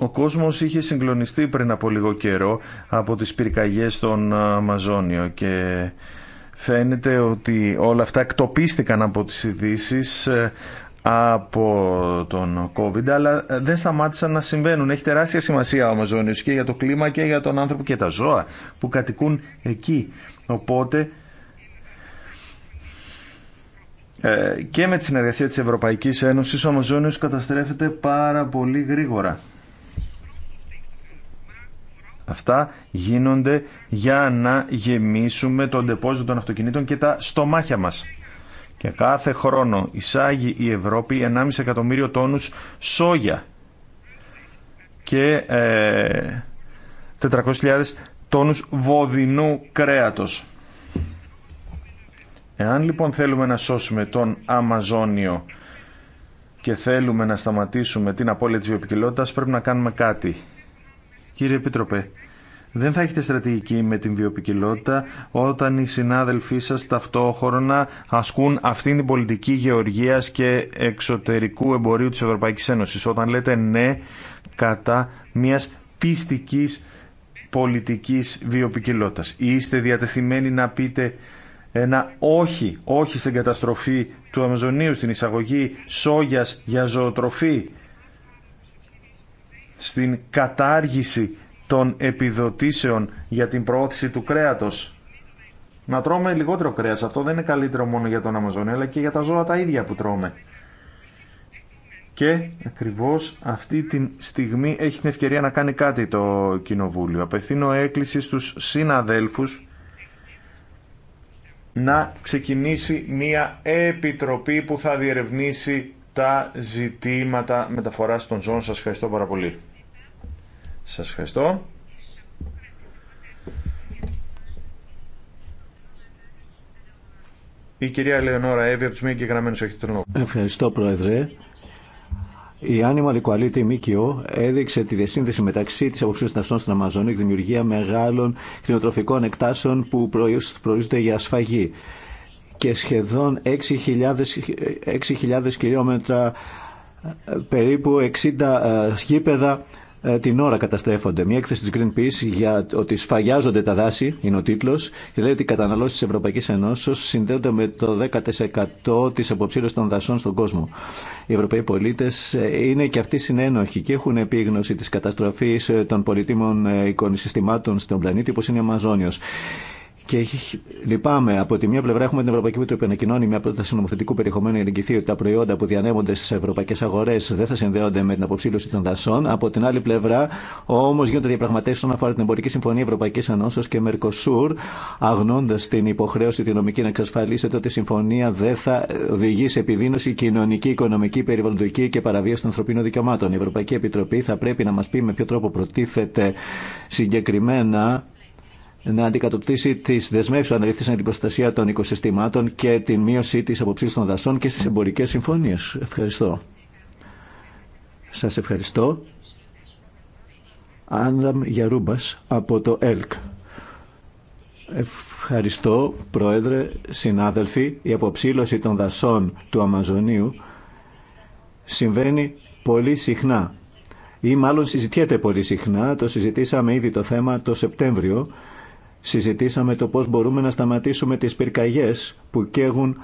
Ο κόσμος είχε συγκλονιστεί πριν από λίγο καιρό από τις πυρκαγιές στον Αμαζόνιο και φαίνεται ότι όλα αυτά εκτοπίστηκαν από τις ειδήσει ε, από τον COVID, αλλά ε, δεν σταμάτησαν να συμβαίνουν. Έχει τεράστια σημασία ο Αμαζόνιος και για το κλίμα και για τον άνθρωπο και τα ζώα που κατοικούν εκεί. Οπότε ε, και με τη συνεργασία της Ευρωπαϊκής Ένωσης ο Αμαζόνιος καταστρέφεται πάρα πολύ γρήγορα. Αυτά γίνονται για να γεμίσουμε τον τεπόζιτο των αυτοκινήτων και τα στομάχια μας. Και κάθε χρόνο εισάγει η Ευρώπη 1,5 εκατομμύριο τόνους σόγια και ε, 400.000 τόνους βοδινού κρέατος. Εάν λοιπόν θέλουμε να σώσουμε τον Αμαζόνιο και θέλουμε να σταματήσουμε την απώλεια της βιοποικιλότητας πρέπει να κάνουμε κάτι. Κύριε Επιτροπέ, δεν θα έχετε στρατηγική με την βιοπικιλότητα όταν οι συνάδελφοί σας ταυτόχρονα ασκούν αυτήν την πολιτική γεωργίας και εξωτερικού εμπορίου της Ευρωπαϊκής Ένωσης. Όταν λέτε ναι κατά μιας πιστικής πολιτικής βιοπικιλότητας. Είστε διατεθειμένοι να πείτε ένα όχι, όχι στην καταστροφή του Αμαζονίου, στην εισαγωγή σόγιας για ζωοτροφή στην κατάργηση των επιδοτήσεων για την προώθηση του κρέατος. Να τρώμε λιγότερο κρέας. Αυτό δεν είναι καλύτερο μόνο για τον Αμαζόνιο, αλλά και για τα ζώα τα ίδια που τρώμε. Και ακριβώς αυτή τη στιγμή έχει την ευκαιρία να κάνει κάτι το Κοινοβούλιο. Απευθύνω έκκληση στους συναδέλφους να ξεκινήσει μία επιτροπή που θα διερευνήσει τα ζητήματα μεταφοράς των ζώων. Σας ευχαριστώ πάρα πολύ. Σας ευχαριστώ. Η κυρία Λεωνόρα Εύη από τους ΜΚΙ γραμμένους έχει τον λόγο. Ευχαριστώ Πρόεδρε. Η Animal λικουαλίτη ΜΚΟ έδειξε τη διασύνδεση μεταξύ τη αποψίωση των ασθενών στην Αμαζονή και δημιουργία μεγάλων κτηνοτροφικών εκτάσεων που προορίζονται για ασφαγή και σχεδόν 6.000, 6.000 χιλιόμετρα ε, περίπου 60 ε, γήπεδα ε, την ώρα καταστρέφονται. Μια έκθεση τη Greenpeace για ότι σφαγιάζονται τα δάση, είναι ο τίτλο, λέει ότι οι καταναλώσει τη Ευρωπαϊκή Ενώσεω συνδέονται με το 10% τη αποψήλωση των δασών στον κόσμο. Οι Ευρωπαίοι πολίτε ε, είναι και αυτοί συνένοχοι και έχουν επίγνωση τη καταστροφή ε, των πολιτήμων εικονισυστημάτων στον πλανήτη, όπω είναι η Αμαζόνιο. Και λυπάμαι, από τη μία πλευρά έχουμε την Ευρωπαϊκή Επιτροπή ανακοινώνει μια πρόταση νομοθετικού να περιεχομένου εγγυηθεί ότι τα προϊόντα που διανέμονται στι ευρωπαϊκέ αγορέ δεν θα συνδέονται με την αποψήλωση των δασών. Από την άλλη πλευρά, όμω, γίνονται διαπραγματεύσει όσον αφορά την εμπορική συμφωνία Ευρωπαϊκή Ενώσεω και Μερκοσούρ, αγνώντα την υποχρέωση τη νομική να εξασφαλίσετε ότι η συμφωνία δεν θα οδηγεί σε επιδείνωση κοινωνική, οικονομική, περιβαλλοντική και παραβίαση των ανθρωπίνων δικαιωμάτων. Η Ευρωπαϊκή Επιτροπή θα πρέπει να μα πει με ποιο τρόπο προτίθεται συγκεκριμένα να αντικατοπτήσει τι δεσμεύσει που αναλήφθησαν για την προστασία των οικοσυστημάτων και την μείωση τη αποψή των δασών και στι εμπορικέ συμφωνίε. Ευχαριστώ. Σα ευχαριστώ. Άνλαμ Γιαρούμπα από το ΕΛΚ. Ευχαριστώ, Πρόεδρε, συνάδελφοι. Η αποψήλωση των δασών του Αμαζονίου συμβαίνει πολύ συχνά ή μάλλον συζητιέται πολύ συχνά. Το συζητήσαμε ήδη το θέμα το Σεπτέμβριο συζητήσαμε το πώς μπορούμε να σταματήσουμε τις πυρκαγιές που καίγουν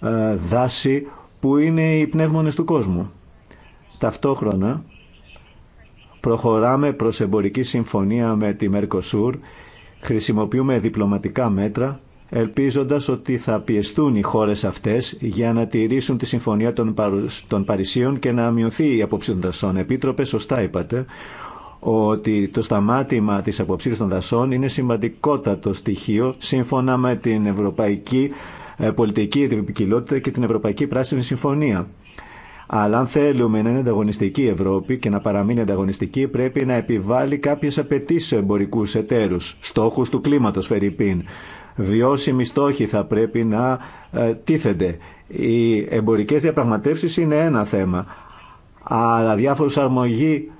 ε, δάση που είναι οι πνεύμονες του κόσμου. Ταυτόχρονα προχωράμε προς εμπορική συμφωνία με τη Μερκοσούρ, χρησιμοποιούμε διπλωματικά μέτρα, ελπίζοντας ότι θα πιεστούν οι χώρες αυτές για να τηρήσουν τη Συμφωνία των, Παρισίων και να μειωθεί η απόψη των δασών. Επίτροπε, σωστά είπατε, ότι το σταμάτημα της αποψήρωσης των δασών είναι σημαντικότατο στοιχείο σύμφωνα με την Ευρωπαϊκή ε, Πολιτική Επικοινότητα και την Ευρωπαϊκή Πράσινη Συμφωνία. Αλλά αν θέλουμε να είναι ανταγωνιστική η Ευρώπη και να παραμείνει ανταγωνιστική, πρέπει να επιβάλλει κάποιε απαιτήσει σε εμπορικού εταίρου. Στόχου του κλίματο, Φερρυπίν. Βιώσιμοι στόχοι θα πρέπει να ε, τίθενται. Οι εμπορικέ διαπραγματεύσει είναι ένα θέμα. Αλλά διάφορου αρμογή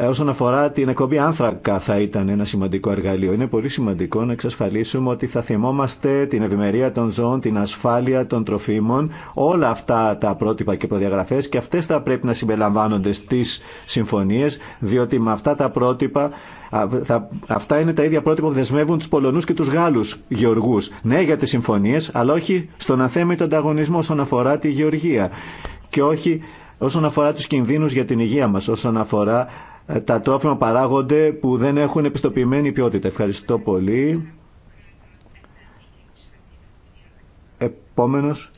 ε, όσον αφορά την εκπομπή άνθρακα θα ήταν ένα σημαντικό εργαλείο. Είναι πολύ σημαντικό να εξασφαλίσουμε ότι θα θυμόμαστε την ευημερία των ζώων, την ασφάλεια των τροφίμων, όλα αυτά τα πρότυπα και προδιαγραφές και αυτές θα πρέπει να συμπεριλαμβάνονται στις συμφωνίες, διότι με αυτά τα πρότυπα αυτά είναι τα ίδια πρότυπα που δεσμεύουν του Πολωνού και του Γάλλου γεωργού. Ναι, για τι συμφωνίε, αλλά όχι στον αθέμητο ανταγωνισμό όσον αφορά τη γεωργία. Και όχι όσον αφορά του κινδύνου για την υγεία μα, όσον αφορά τα τρόφιμα παράγονται που δεν έχουν επιστοποιημένη ποιότητα. Ευχαριστώ πολύ. Επόμενος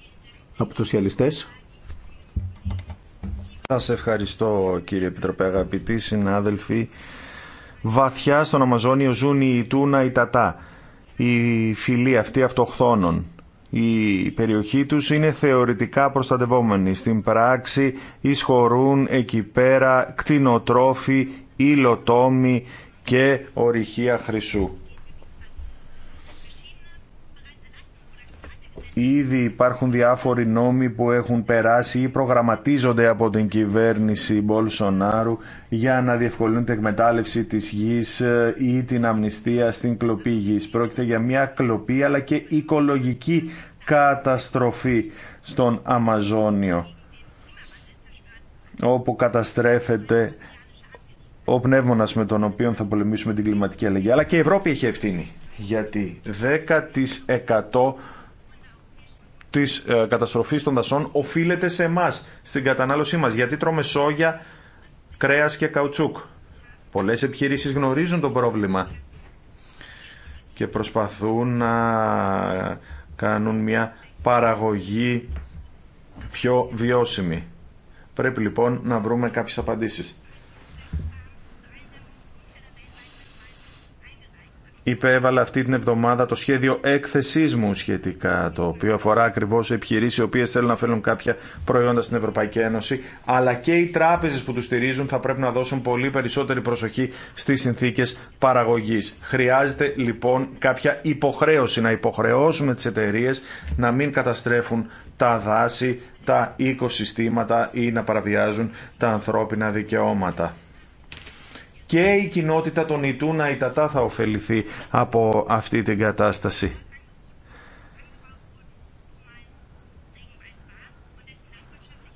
από τους σοσιαλιστές. Σας ευχαριστώ κύριε Επιτροπέ, αγαπητοί συνάδελφοι. Βαθιά στον Αμαζόνιο ζουν οι Τούνα, οι Τατά, οι φιλοί αυτοί αυτοχθόνων η περιοχή τους είναι θεωρητικά προστατευόμενη. Στην πράξη εισχωρούν εκεί πέρα κτηνοτρόφοι, υλοτόμοι και ορυχεία χρυσού. Ήδη υπάρχουν διάφοροι νόμοι που έχουν περάσει ή προγραμματίζονται από την κυβέρνηση Μπολσονάρου για να διευκολύνουν την εκμετάλλευση της γης ε, ή την αμνηστία στην κλοπή γης. Πρόκειται για μια κλοπή αλλά και οικολογική καταστροφή στον Αμαζόνιο όπου καταστρέφεται ο πνεύμονας με τον οποίο θα πολεμήσουμε την κλιματική αλλαγή. Αλλά και η Ευρώπη έχει ευθύνη γιατί 10% της ε, καταστροφή των δασών οφείλεται σε εμά στην κατανάλωσή μας. Γιατί τρώμε σόγια, κρέας και καουτσούκ. Πολλές επιχειρήσεις γνωρίζουν το πρόβλημα και προσπαθούν να κάνουν μια παραγωγή πιο βιώσιμη. Πρέπει λοιπόν να βρούμε κάποιες απαντήσεις. υπέβαλα αυτή την εβδομάδα το σχέδιο έκθεσή μου σχετικά, το οποίο αφορά ακριβώ επιχειρήσει οι οποίε θέλουν να φέρουν κάποια προϊόντα στην Ευρωπαϊκή Ένωση, αλλά και οι τράπεζε που του στηρίζουν θα πρέπει να δώσουν πολύ περισσότερη προσοχή στι συνθήκε παραγωγή. Χρειάζεται λοιπόν κάποια υποχρέωση, να υποχρεώσουμε τι εταιρείε να μην καταστρέφουν τα δάση, τα οικοσυστήματα ή να παραβιάζουν τα ανθρώπινα δικαιώματα και η κοινότητα των Ιτούνα Ιτατά θα ωφεληθεί από αυτή την κατάσταση.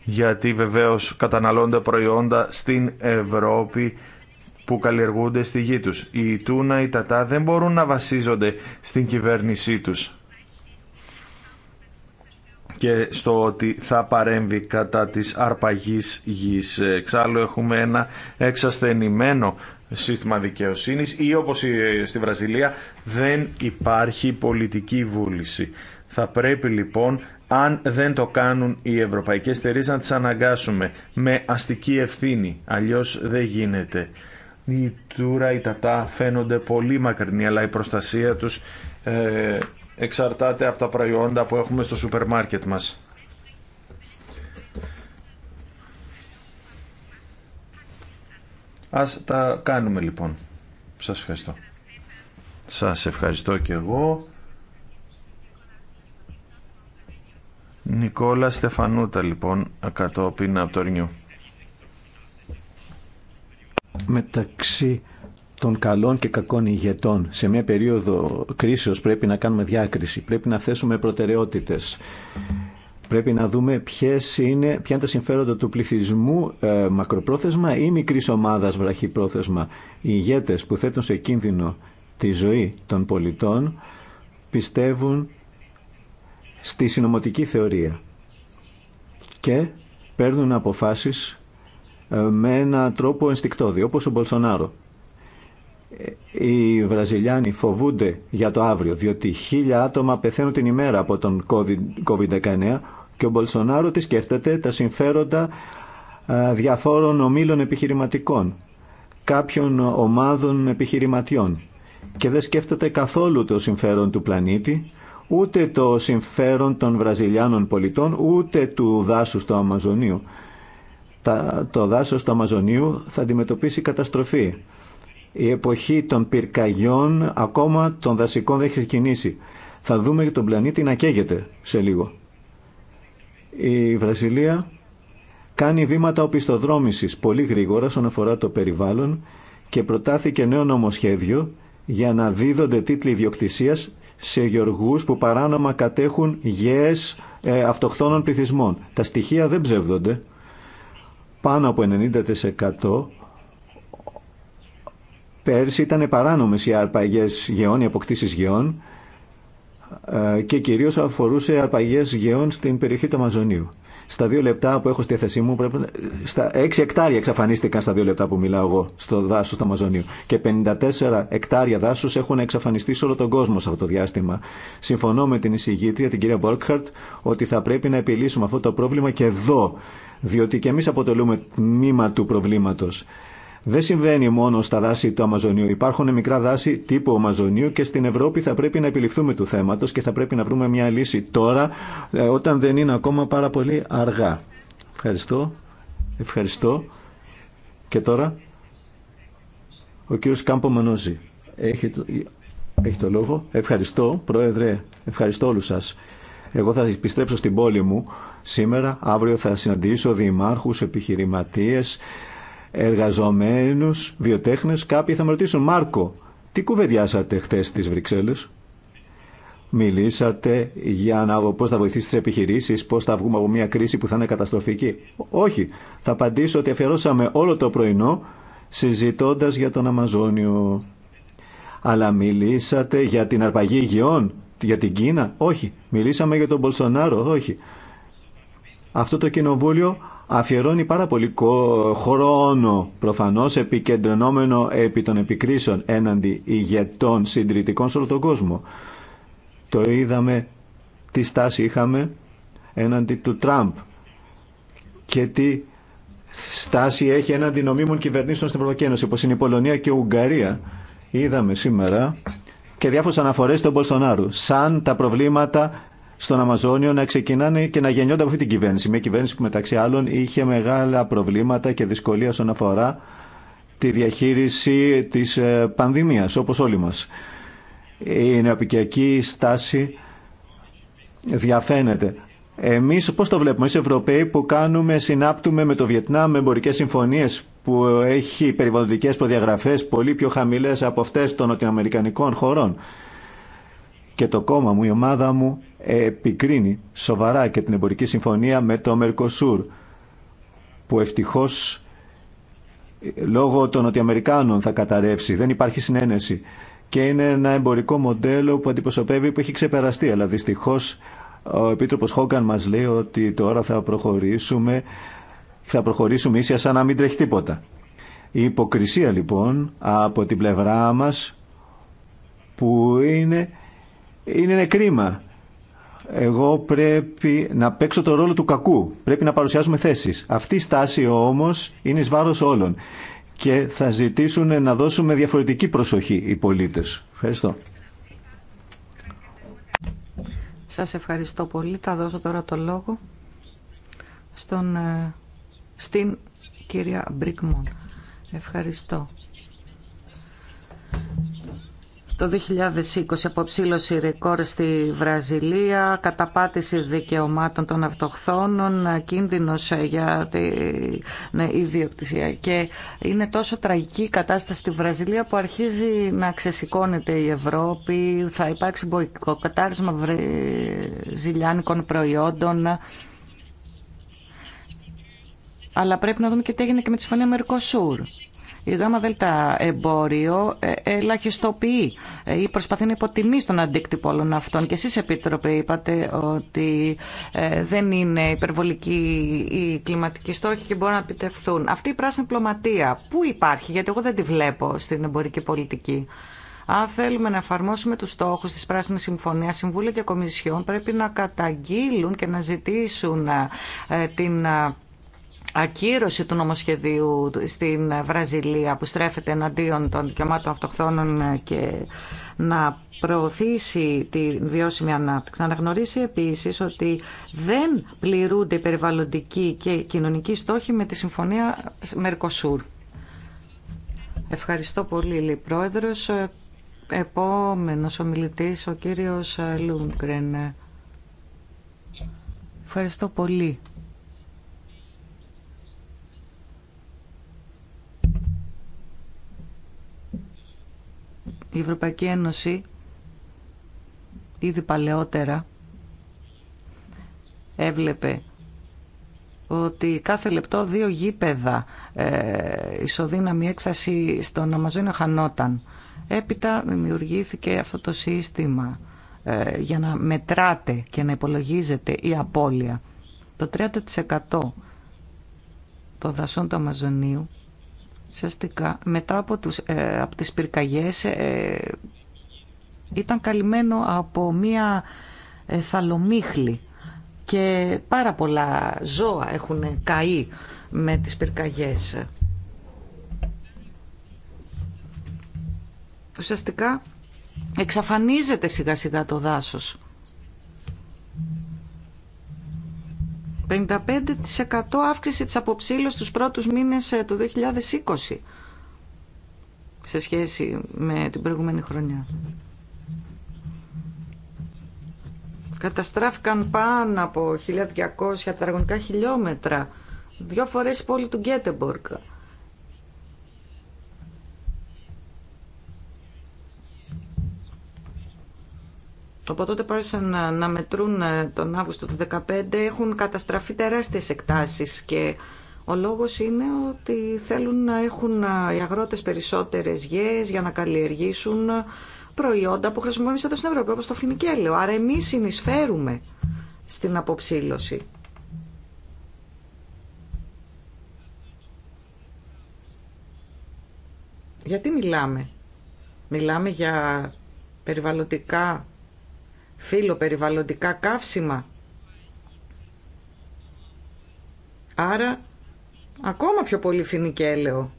γιατί βεβαίως καταναλώνται προϊόντα στην Ευρώπη που καλλιεργούνται στη γη τους. Οι Ιτούνα οι Τατά δεν μπορούν να βασίζονται στην κυβέρνησή τους και στο ότι θα παρέμβει κατά της αρπαγής γης. Εξάλλου έχουμε ένα εξασθενημένο σύστημα δικαιοσύνης ή όπως στη Βραζιλία δεν υπάρχει πολιτική βούληση. Θα πρέπει λοιπόν αν δεν το κάνουν οι ευρωπαϊκές εταιρείε να τις αναγκάσουμε με αστική ευθύνη, αλλιώς δεν γίνεται. Η τούρα, η τατά φαίνονται πολύ μακρινοί, αλλά η προστασία τους ε, εξαρτάται από τα προϊόντα που έχουμε στο σούπερ μάρκετ μας. Ας τα κάνουμε λοιπόν. Σας ευχαριστώ. Σας ευχαριστώ και εγώ. Νικόλα Στεφανούτα λοιπόν, κατόπιν από το Ρνιού. Μεταξύ των καλών και κακών ηγετών. Σε μια περίοδο κρίσεως πρέπει να κάνουμε διάκριση, πρέπει να θέσουμε προτεραιότητες. Πρέπει να δούμε ποιες είναι, ποια είναι τα συμφέροντα του πληθυσμού ε, μακροπρόθεσμα ή μικρή ομάδα βραχυπρόθεσμα. Οι ηγέτες που θέτουν σε κίνδυνο τη ζωή των πολιτών πιστεύουν στη συνωμοτική θεωρία και παίρνουν αποφάσεις ε, με έναν τρόπο ενστικτόδη, όπως ο Μπολσονάρο ε, οι Βραζιλιάνοι φοβούνται για το αύριο, διότι χίλια άτομα πεθαίνουν την ημέρα από τον COVID-19 και ο Μπολσονάρο τι σκέφτεται τα συμφέροντα διαφόρων ομίλων επιχειρηματικών, κάποιων ομάδων επιχειρηματιών και δεν σκέφτεται καθόλου το συμφέρον του πλανήτη, ούτε το συμφέρον των Βραζιλιάνων πολιτών, ούτε του δάσους του Αμαζονίου. Το δάσος του Αμαζονίου θα αντιμετωπίσει καταστροφή η εποχή των πυρκαγιών ακόμα των δασικών δεν έχει ξεκινήσει. Θα δούμε τον πλανήτη να καίγεται σε λίγο. Η Βραζιλία κάνει βήματα οπισθοδρόμησης πολύ γρήγορα στον αφορά το περιβάλλον και προτάθηκε νέο νομοσχέδιο για να δίδονται τίτλοι ιδιοκτησίας σε γεωργούς που παράνομα κατέχουν γεές ε, αυτοχθόνων πληθυσμών. Τα στοιχεία δεν ψεύδονται. Πάνω από 90% Πέρσι ήταν παράνομε οι αρπαγέ γεών, οι αποκτήσει γεών ε, και κυρίω αφορούσε αρπαγέ γεών στην περιοχή του Αμαζονίου. Στα δύο λεπτά που έχω στη θέση μου, πρέπει στα 6 εκτάρια εξαφανίστηκαν στα δύο λεπτά που μιλάω εγώ στο δάσο του Αμαζονίου. Και 54 εκτάρια δάσου έχουν εξαφανιστεί σε όλο τον κόσμο σε αυτό το διάστημα. Συμφωνώ με την εισηγήτρια, την κυρία Μπόρκχαρτ, ότι θα πρέπει να επιλύσουμε αυτό το πρόβλημα και εδώ. Διότι και εμεί αποτελούμε τμήμα του προβλήματο. Δεν συμβαίνει μόνο στα δάση του Αμαζονίου. Υπάρχουν μικρά δάση τύπου Αμαζονίου και στην Ευρώπη θα πρέπει να επιληφθούμε του θέματος και θα πρέπει να βρούμε μια λύση τώρα ε, όταν δεν είναι ακόμα πάρα πολύ αργά. Ευχαριστώ. Ευχαριστώ. Και τώρα ο κύριος Κάμπο Μανώζη. Έχει, έχει το λόγο. Ευχαριστώ, Πρόεδρε. Ευχαριστώ όλους σας. Εγώ θα επιστρέψω στην πόλη μου σήμερα. Αύριο θα συναντήσω δημάρχους, επιχειρηματίες, εργαζομένους, βιοτέχνες. Κάποιοι θα με ρωτήσουν, Μάρκο, τι κουβεντιάσατε χτες στις Βρυξέλλες. Μιλήσατε για να, πώς θα βοηθήσει τις επιχειρήσεις, πώς θα βγούμε από μια κρίση που θα είναι καταστροφική. Όχι. Θα απαντήσω ότι αφιερώσαμε όλο το πρωινό συζητώντας για τον Αμαζόνιο. Αλλά μιλήσατε για την αρπαγή υγειών, για την Κίνα. Όχι. Μιλήσαμε για τον Μπολσονάρο. Όχι. Αυτό το κοινοβούλιο αφιερώνει πάρα πολύ χρόνο προφανώς επικεντρωνόμενο επί των επικρίσεων έναντι ηγετών συντηρητικών σε όλο τον κόσμο. Το είδαμε τι στάση είχαμε έναντι του Τραμπ και τι στάση έχει έναντι νομίμων κυβερνήσεων στην Ευρωπαϊκή Ένωση όπως είναι η Πολωνία και η Ουγγαρία. Είδαμε σήμερα και διάφορες αναφορές στον Μπολσονάρου σαν τα προβλήματα στον Αμαζόνιο να ξεκινάνε και να γεννιόνται από αυτή την κυβέρνηση. Μια κυβέρνηση που μεταξύ άλλων είχε μεγάλα προβλήματα και δυσκολία όσον αφορά τη διαχείριση της ε, πανδημίας, όπως όλοι μας. Η νεοπικιακή στάση διαφαίνεται. Εμείς πώς το βλέπουμε, εμείς Ευρωπαίοι που κάνουμε, συνάπτουμε με το Βιετνάμ με εμπορικέ συμφωνίες που έχει περιβαλλοντικές προδιαγραφές πολύ πιο χαμηλές από αυτές των νοτιοαμερικανικών χωρών. Και το κόμμα μου, η ομάδα μου επικρίνει σοβαρά και την εμπορική συμφωνία με το Μερκοσούρ που ευτυχώς λόγω των Νοτιοαμερικάνων θα καταρρεύσει, δεν υπάρχει συνένεση και είναι ένα εμπορικό μοντέλο που αντιπροσωπεύει που έχει ξεπεραστεί αλλά δυστυχώς ο Επίτροπος Χόγκαν μας λέει ότι τώρα θα προχωρήσουμε θα προχωρήσουμε ίσια σαν να μην τρέχει τίποτα. Η υποκρισία λοιπόν από την πλευρά μας που είναι, είναι κρίμα εγώ πρέπει να παίξω το ρόλο του κακού. Πρέπει να παρουσιάζουμε θέσεις. Αυτή η στάση όμως είναι εις βάρος όλων. Και θα ζητήσουν να δώσουμε διαφορετική προσοχή οι πολίτες. Ευχαριστώ. Σας ευχαριστώ πολύ. Θα δώσω τώρα το λόγο στον, ε, στην κυρία Μπρικμόν. Ευχαριστώ. Το 2020 αποψήλωση ρεκόρ στη Βραζιλία, καταπάτηση δικαιωμάτων των αυτοχθόνων, κίνδυνος για την ιδιοκτησία. Και είναι τόσο τραγική η κατάσταση στη Βραζιλία που αρχίζει να ξεσηκώνεται η Ευρώπη, θα υπάρξει μποϊκοκατάρισμα βραζιλιάνικων προϊόντων. Αλλά πρέπει να δούμε και τι έγινε και με τη Συμφωνία Μερκοσούρ. Η ΓΑΜΑ ΔΕΛΤΑ εμπόριο ε, ελαχιστοποιεί ε, ή προσπαθεί να υποτιμήσει τον αντίκτυπο όλων αυτών. Και εσείς, Επίτροπε, είπατε ότι ε, δεν είναι υπερβολική η κλιματική στόχη και μπορούν να επιτευχθούν. Αυτή η πράσινη διπλωματία, πού η πρασινη πλωματεια γιατί εγώ δεν τη βλέπω στην εμπορική πολιτική. Αν θέλουμε να εφαρμόσουμε τους στόχους της Πράσινης Συμφωνίας, Συμβούλια και Κομισιόν πρέπει να καταγγείλουν και να ζητήσουν την ακύρωση του νομοσχεδίου στην Βραζιλία που στρέφεται εναντίον των δικαιωμάτων αυτοχθόνων και να προωθήσει τη βιώσιμη ανάπτυξη. Να αναγνωρίσει επίσης ότι δεν πληρούνται οι περιβαλλοντικοί και κοινωνικοί στόχοι με τη Συμφωνία Μερκοσούρ. Ευχαριστώ πολύ, λέει Πρόεδρος. Επόμενος ομιλητής, ο κύριος Λούντγκρεν. Ευχαριστώ πολύ. Η Ευρωπαϊκή Ένωση ήδη παλαιότερα έβλεπε ότι κάθε λεπτό δύο γήπεδα ε, ισοδύναμη έκθαση στον Αμαζόνιο χανόταν. Έπειτα δημιουργήθηκε αυτό το σύστημα ε, για να μετράτε και να υπολογίζετε η απώλεια. Το 30% των δασών του Αμαζονίου Ουσιαστικά, μετά από, τους, ε, από τις πυρκαγιές ε, ήταν καλυμμένο από μία ε, και πάρα πολλά ζώα έχουν καεί με τις πυρκαγιές. Ουσιαστικά εξαφανίζεται σιγά σιγά το δάσος. 55% αύξηση της αποψήλωσης τους πρώτους μήνες ε, του 2020 σε σχέση με την προηγούμενη χρονιά. Καταστράφηκαν πάνω από 1.200 τετραγωνικά χιλιόμετρα, δύο φορές η πόλη του Γκέτεμπορκ. Από τότε που να, μετρούν ε, τον Αύγουστο του 2015 έχουν καταστραφεί τεράστιες εκτάσεις και ο λόγος είναι ότι θέλουν να έχουν ε, οι αγρότες περισσότερες γιές για να καλλιεργήσουν ε, προϊόντα που χρησιμοποιούμε εδώ στην Ευρώπη, όπως το φινικέλαιο. Άρα εμείς συνεισφέρουμε στην αποψήλωση. Γιατί μιλάμε. Μιλάμε για περιβαλλοντικά περιβαλλοντικά καύσιμα. Άρα ακόμα πιο πολύ φινικέλαιο.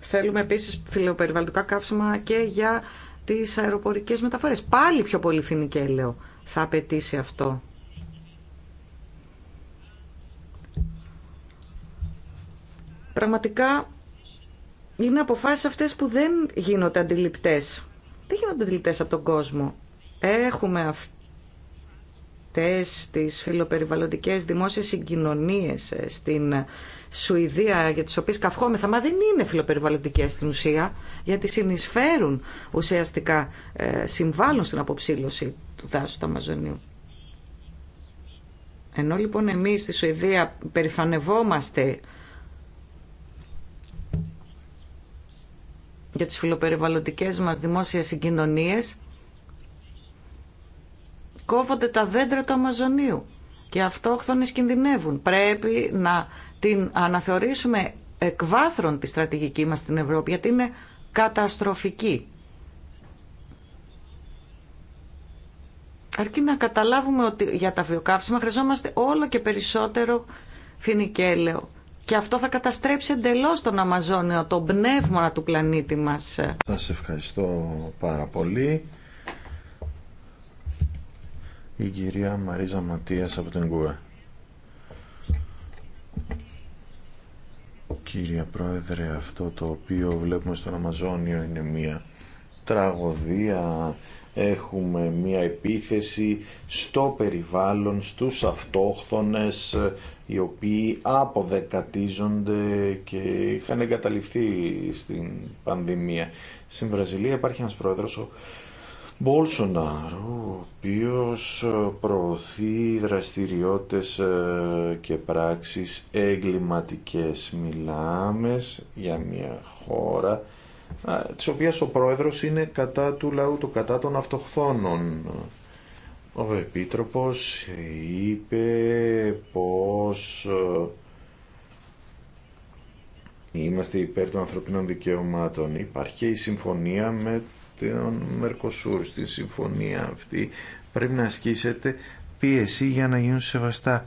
Θέλουμε επίσης φιλοπεριβαλλοντικά καύσιμα και για τις αεροπορικές μεταφορές. Πάλι πιο πολύ φινικέλαιο θα απαιτήσει αυτό. Πραγματικά είναι αποφάσεις αυτές που δεν γίνονται αντιληπτές. Δεν γίνονται αντιληπτές από τον κόσμο. Έχουμε αυτές τις φιλοπεριβαλλοντικές δημόσιες συγκοινωνίες στην Σουηδία για τις οποίες καυχόμεθα, μα δεν είναι φιλοπεριβαλλοντικές στην ουσία, γιατί συνεισφέρουν ουσιαστικά, ε, συμβάλλουν στην αποψήλωση του δάσου του Αμαζονίου. Ενώ λοιπόν εμείς στη Σουηδία περηφανευόμαστε για τις φιλοπεριβαλλοντικές μας δημόσιες συγκοινωνίες κόβονται τα δέντρα του Αμαζονίου και αυτόχθονες κινδυνεύουν. Πρέπει να την αναθεωρήσουμε εκ βάθρων τη στρατηγική μας στην Ευρώπη γιατί είναι καταστροφική. Αρκεί να καταλάβουμε ότι για τα βιοκαύσιμα χρειαζόμαστε όλο και περισσότερο φινικέλαιο και αυτό θα καταστρέψει εντελώ τον Αμαζόνιο, τον πνεύμα του πλανήτη μας. Σα ευχαριστώ πάρα πολύ. Η κυρία Μαρίζα Ματίας από την ΚΟΕ. Κύριε Πρόεδρε, αυτό το οποίο βλέπουμε στον Αμαζόνιο είναι μία τραγωδία. Έχουμε μία επίθεση στο περιβάλλον, στους αυτόχθονες, οι οποίοι αποδεκατίζονται και είχαν εγκαταλειφθεί στην πανδημία. Στην Βραζιλία υπάρχει ένας πρόεδρος, ο Μπολσονάρο, ο οποίος προωθεί δραστηριότητες ε, και πράξεις εγκληματικές. Μιλάμε για μια χώρα ε, της οποίας ο πρόεδρος είναι κατά του λαού του, κατά των αυτοχθόνων. Ο Επίτροπος είπε πως ε, είμαστε υπέρ των ανθρωπίνων δικαιωμάτων. Υπάρχει η συμφωνία με τον Μερκοσούρ. Στη συμφωνία αυτή πρέπει να ασκήσετε πίεση για να γίνουν σεβαστά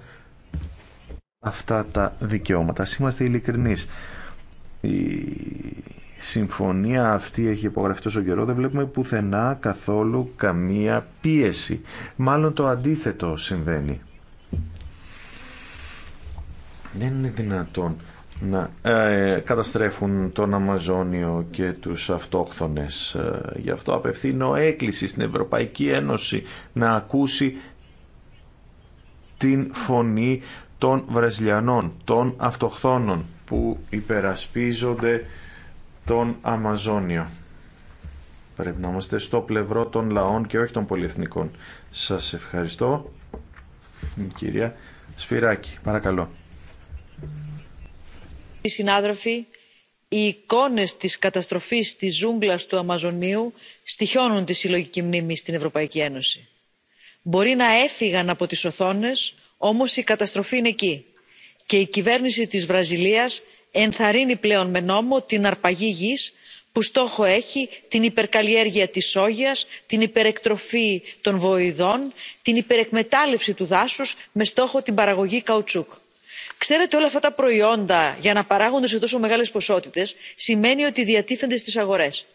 αυτά τα δικαιώματα. Είμαστε ειλικρινείς συμφωνία αυτή έχει υπογραφεί τόσο καιρό δεν βλέπουμε πουθενά καθόλου καμία πίεση. Μάλλον το αντίθετο συμβαίνει. Δεν είναι δυνατόν να ε, καταστρέφουν τον Αμαζόνιο και τους αυτόχθονες. Ε, γι' αυτό απευθύνω έκκληση στην Ευρωπαϊκή Ένωση να ακούσει την φωνή των Βραζιλιανών, των αυτοχθόνων που υπερασπίζονται τον Αμαζόνιο. Πρέπει να είμαστε στο πλευρό των λαών και όχι των πολυεθνικών. Σας ευχαριστώ. Κυρία Σπυράκη, παρακαλώ. Οι συνάδελφοι, οι εικόνες της καταστροφής της ζούγκλας του Αμαζονίου στοιχιώνουν τη συλλογική μνήμη στην Ευρωπαϊκή Ένωση. Μπορεί να έφυγαν από τις οθόνες, όμως η καταστροφή είναι εκεί. Και η κυβέρνηση της Βραζιλίας ενθαρρύνει πλέον με νόμο την αρπαγή γης που στόχο έχει την υπερκαλλιέργεια της σόγιας την υπερεκτροφή των βοηδών την υπερεκμετάλλευση του δάσους με στόχο την παραγωγή καουτσούκ. ξέρετε όλα αυτά τα προϊόντα για να παράγονται σε τόσο μεγάλες ποσότητες σημαίνει ότι διατίθενται στις αγορές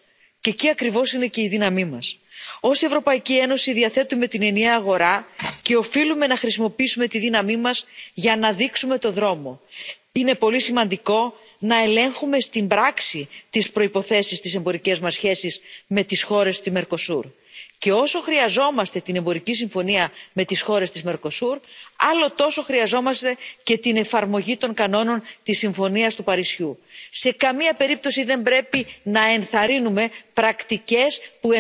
και εκεί ακριβώς είναι και η δύναμή μας. Ω ευρωπαϊκή ένωση διαθέτουμε την ενιαία αγορά και οφείλουμε να χρησιμοποιήσουμε τη δύναμή μας για να δείξουμε το δρόμο είναι πολύ σημαντικό να ελέγχουμε στην πράξη τις προϋποθέσεις της εμπορικής μας σχέσης με τις χώρες της μερκοσούρ και όσο χρειαζόμαστε την εμπορική συμφωνία με τις χώρες της μερκοσούρ άλλο τόσο χρειαζόμαστε και την εφαρμογή των κανόνων της συμφωνίας του παρισιού. σε καμία περίπτωση δεν πρέπει να ενθαρρύνουμε πρακτικές που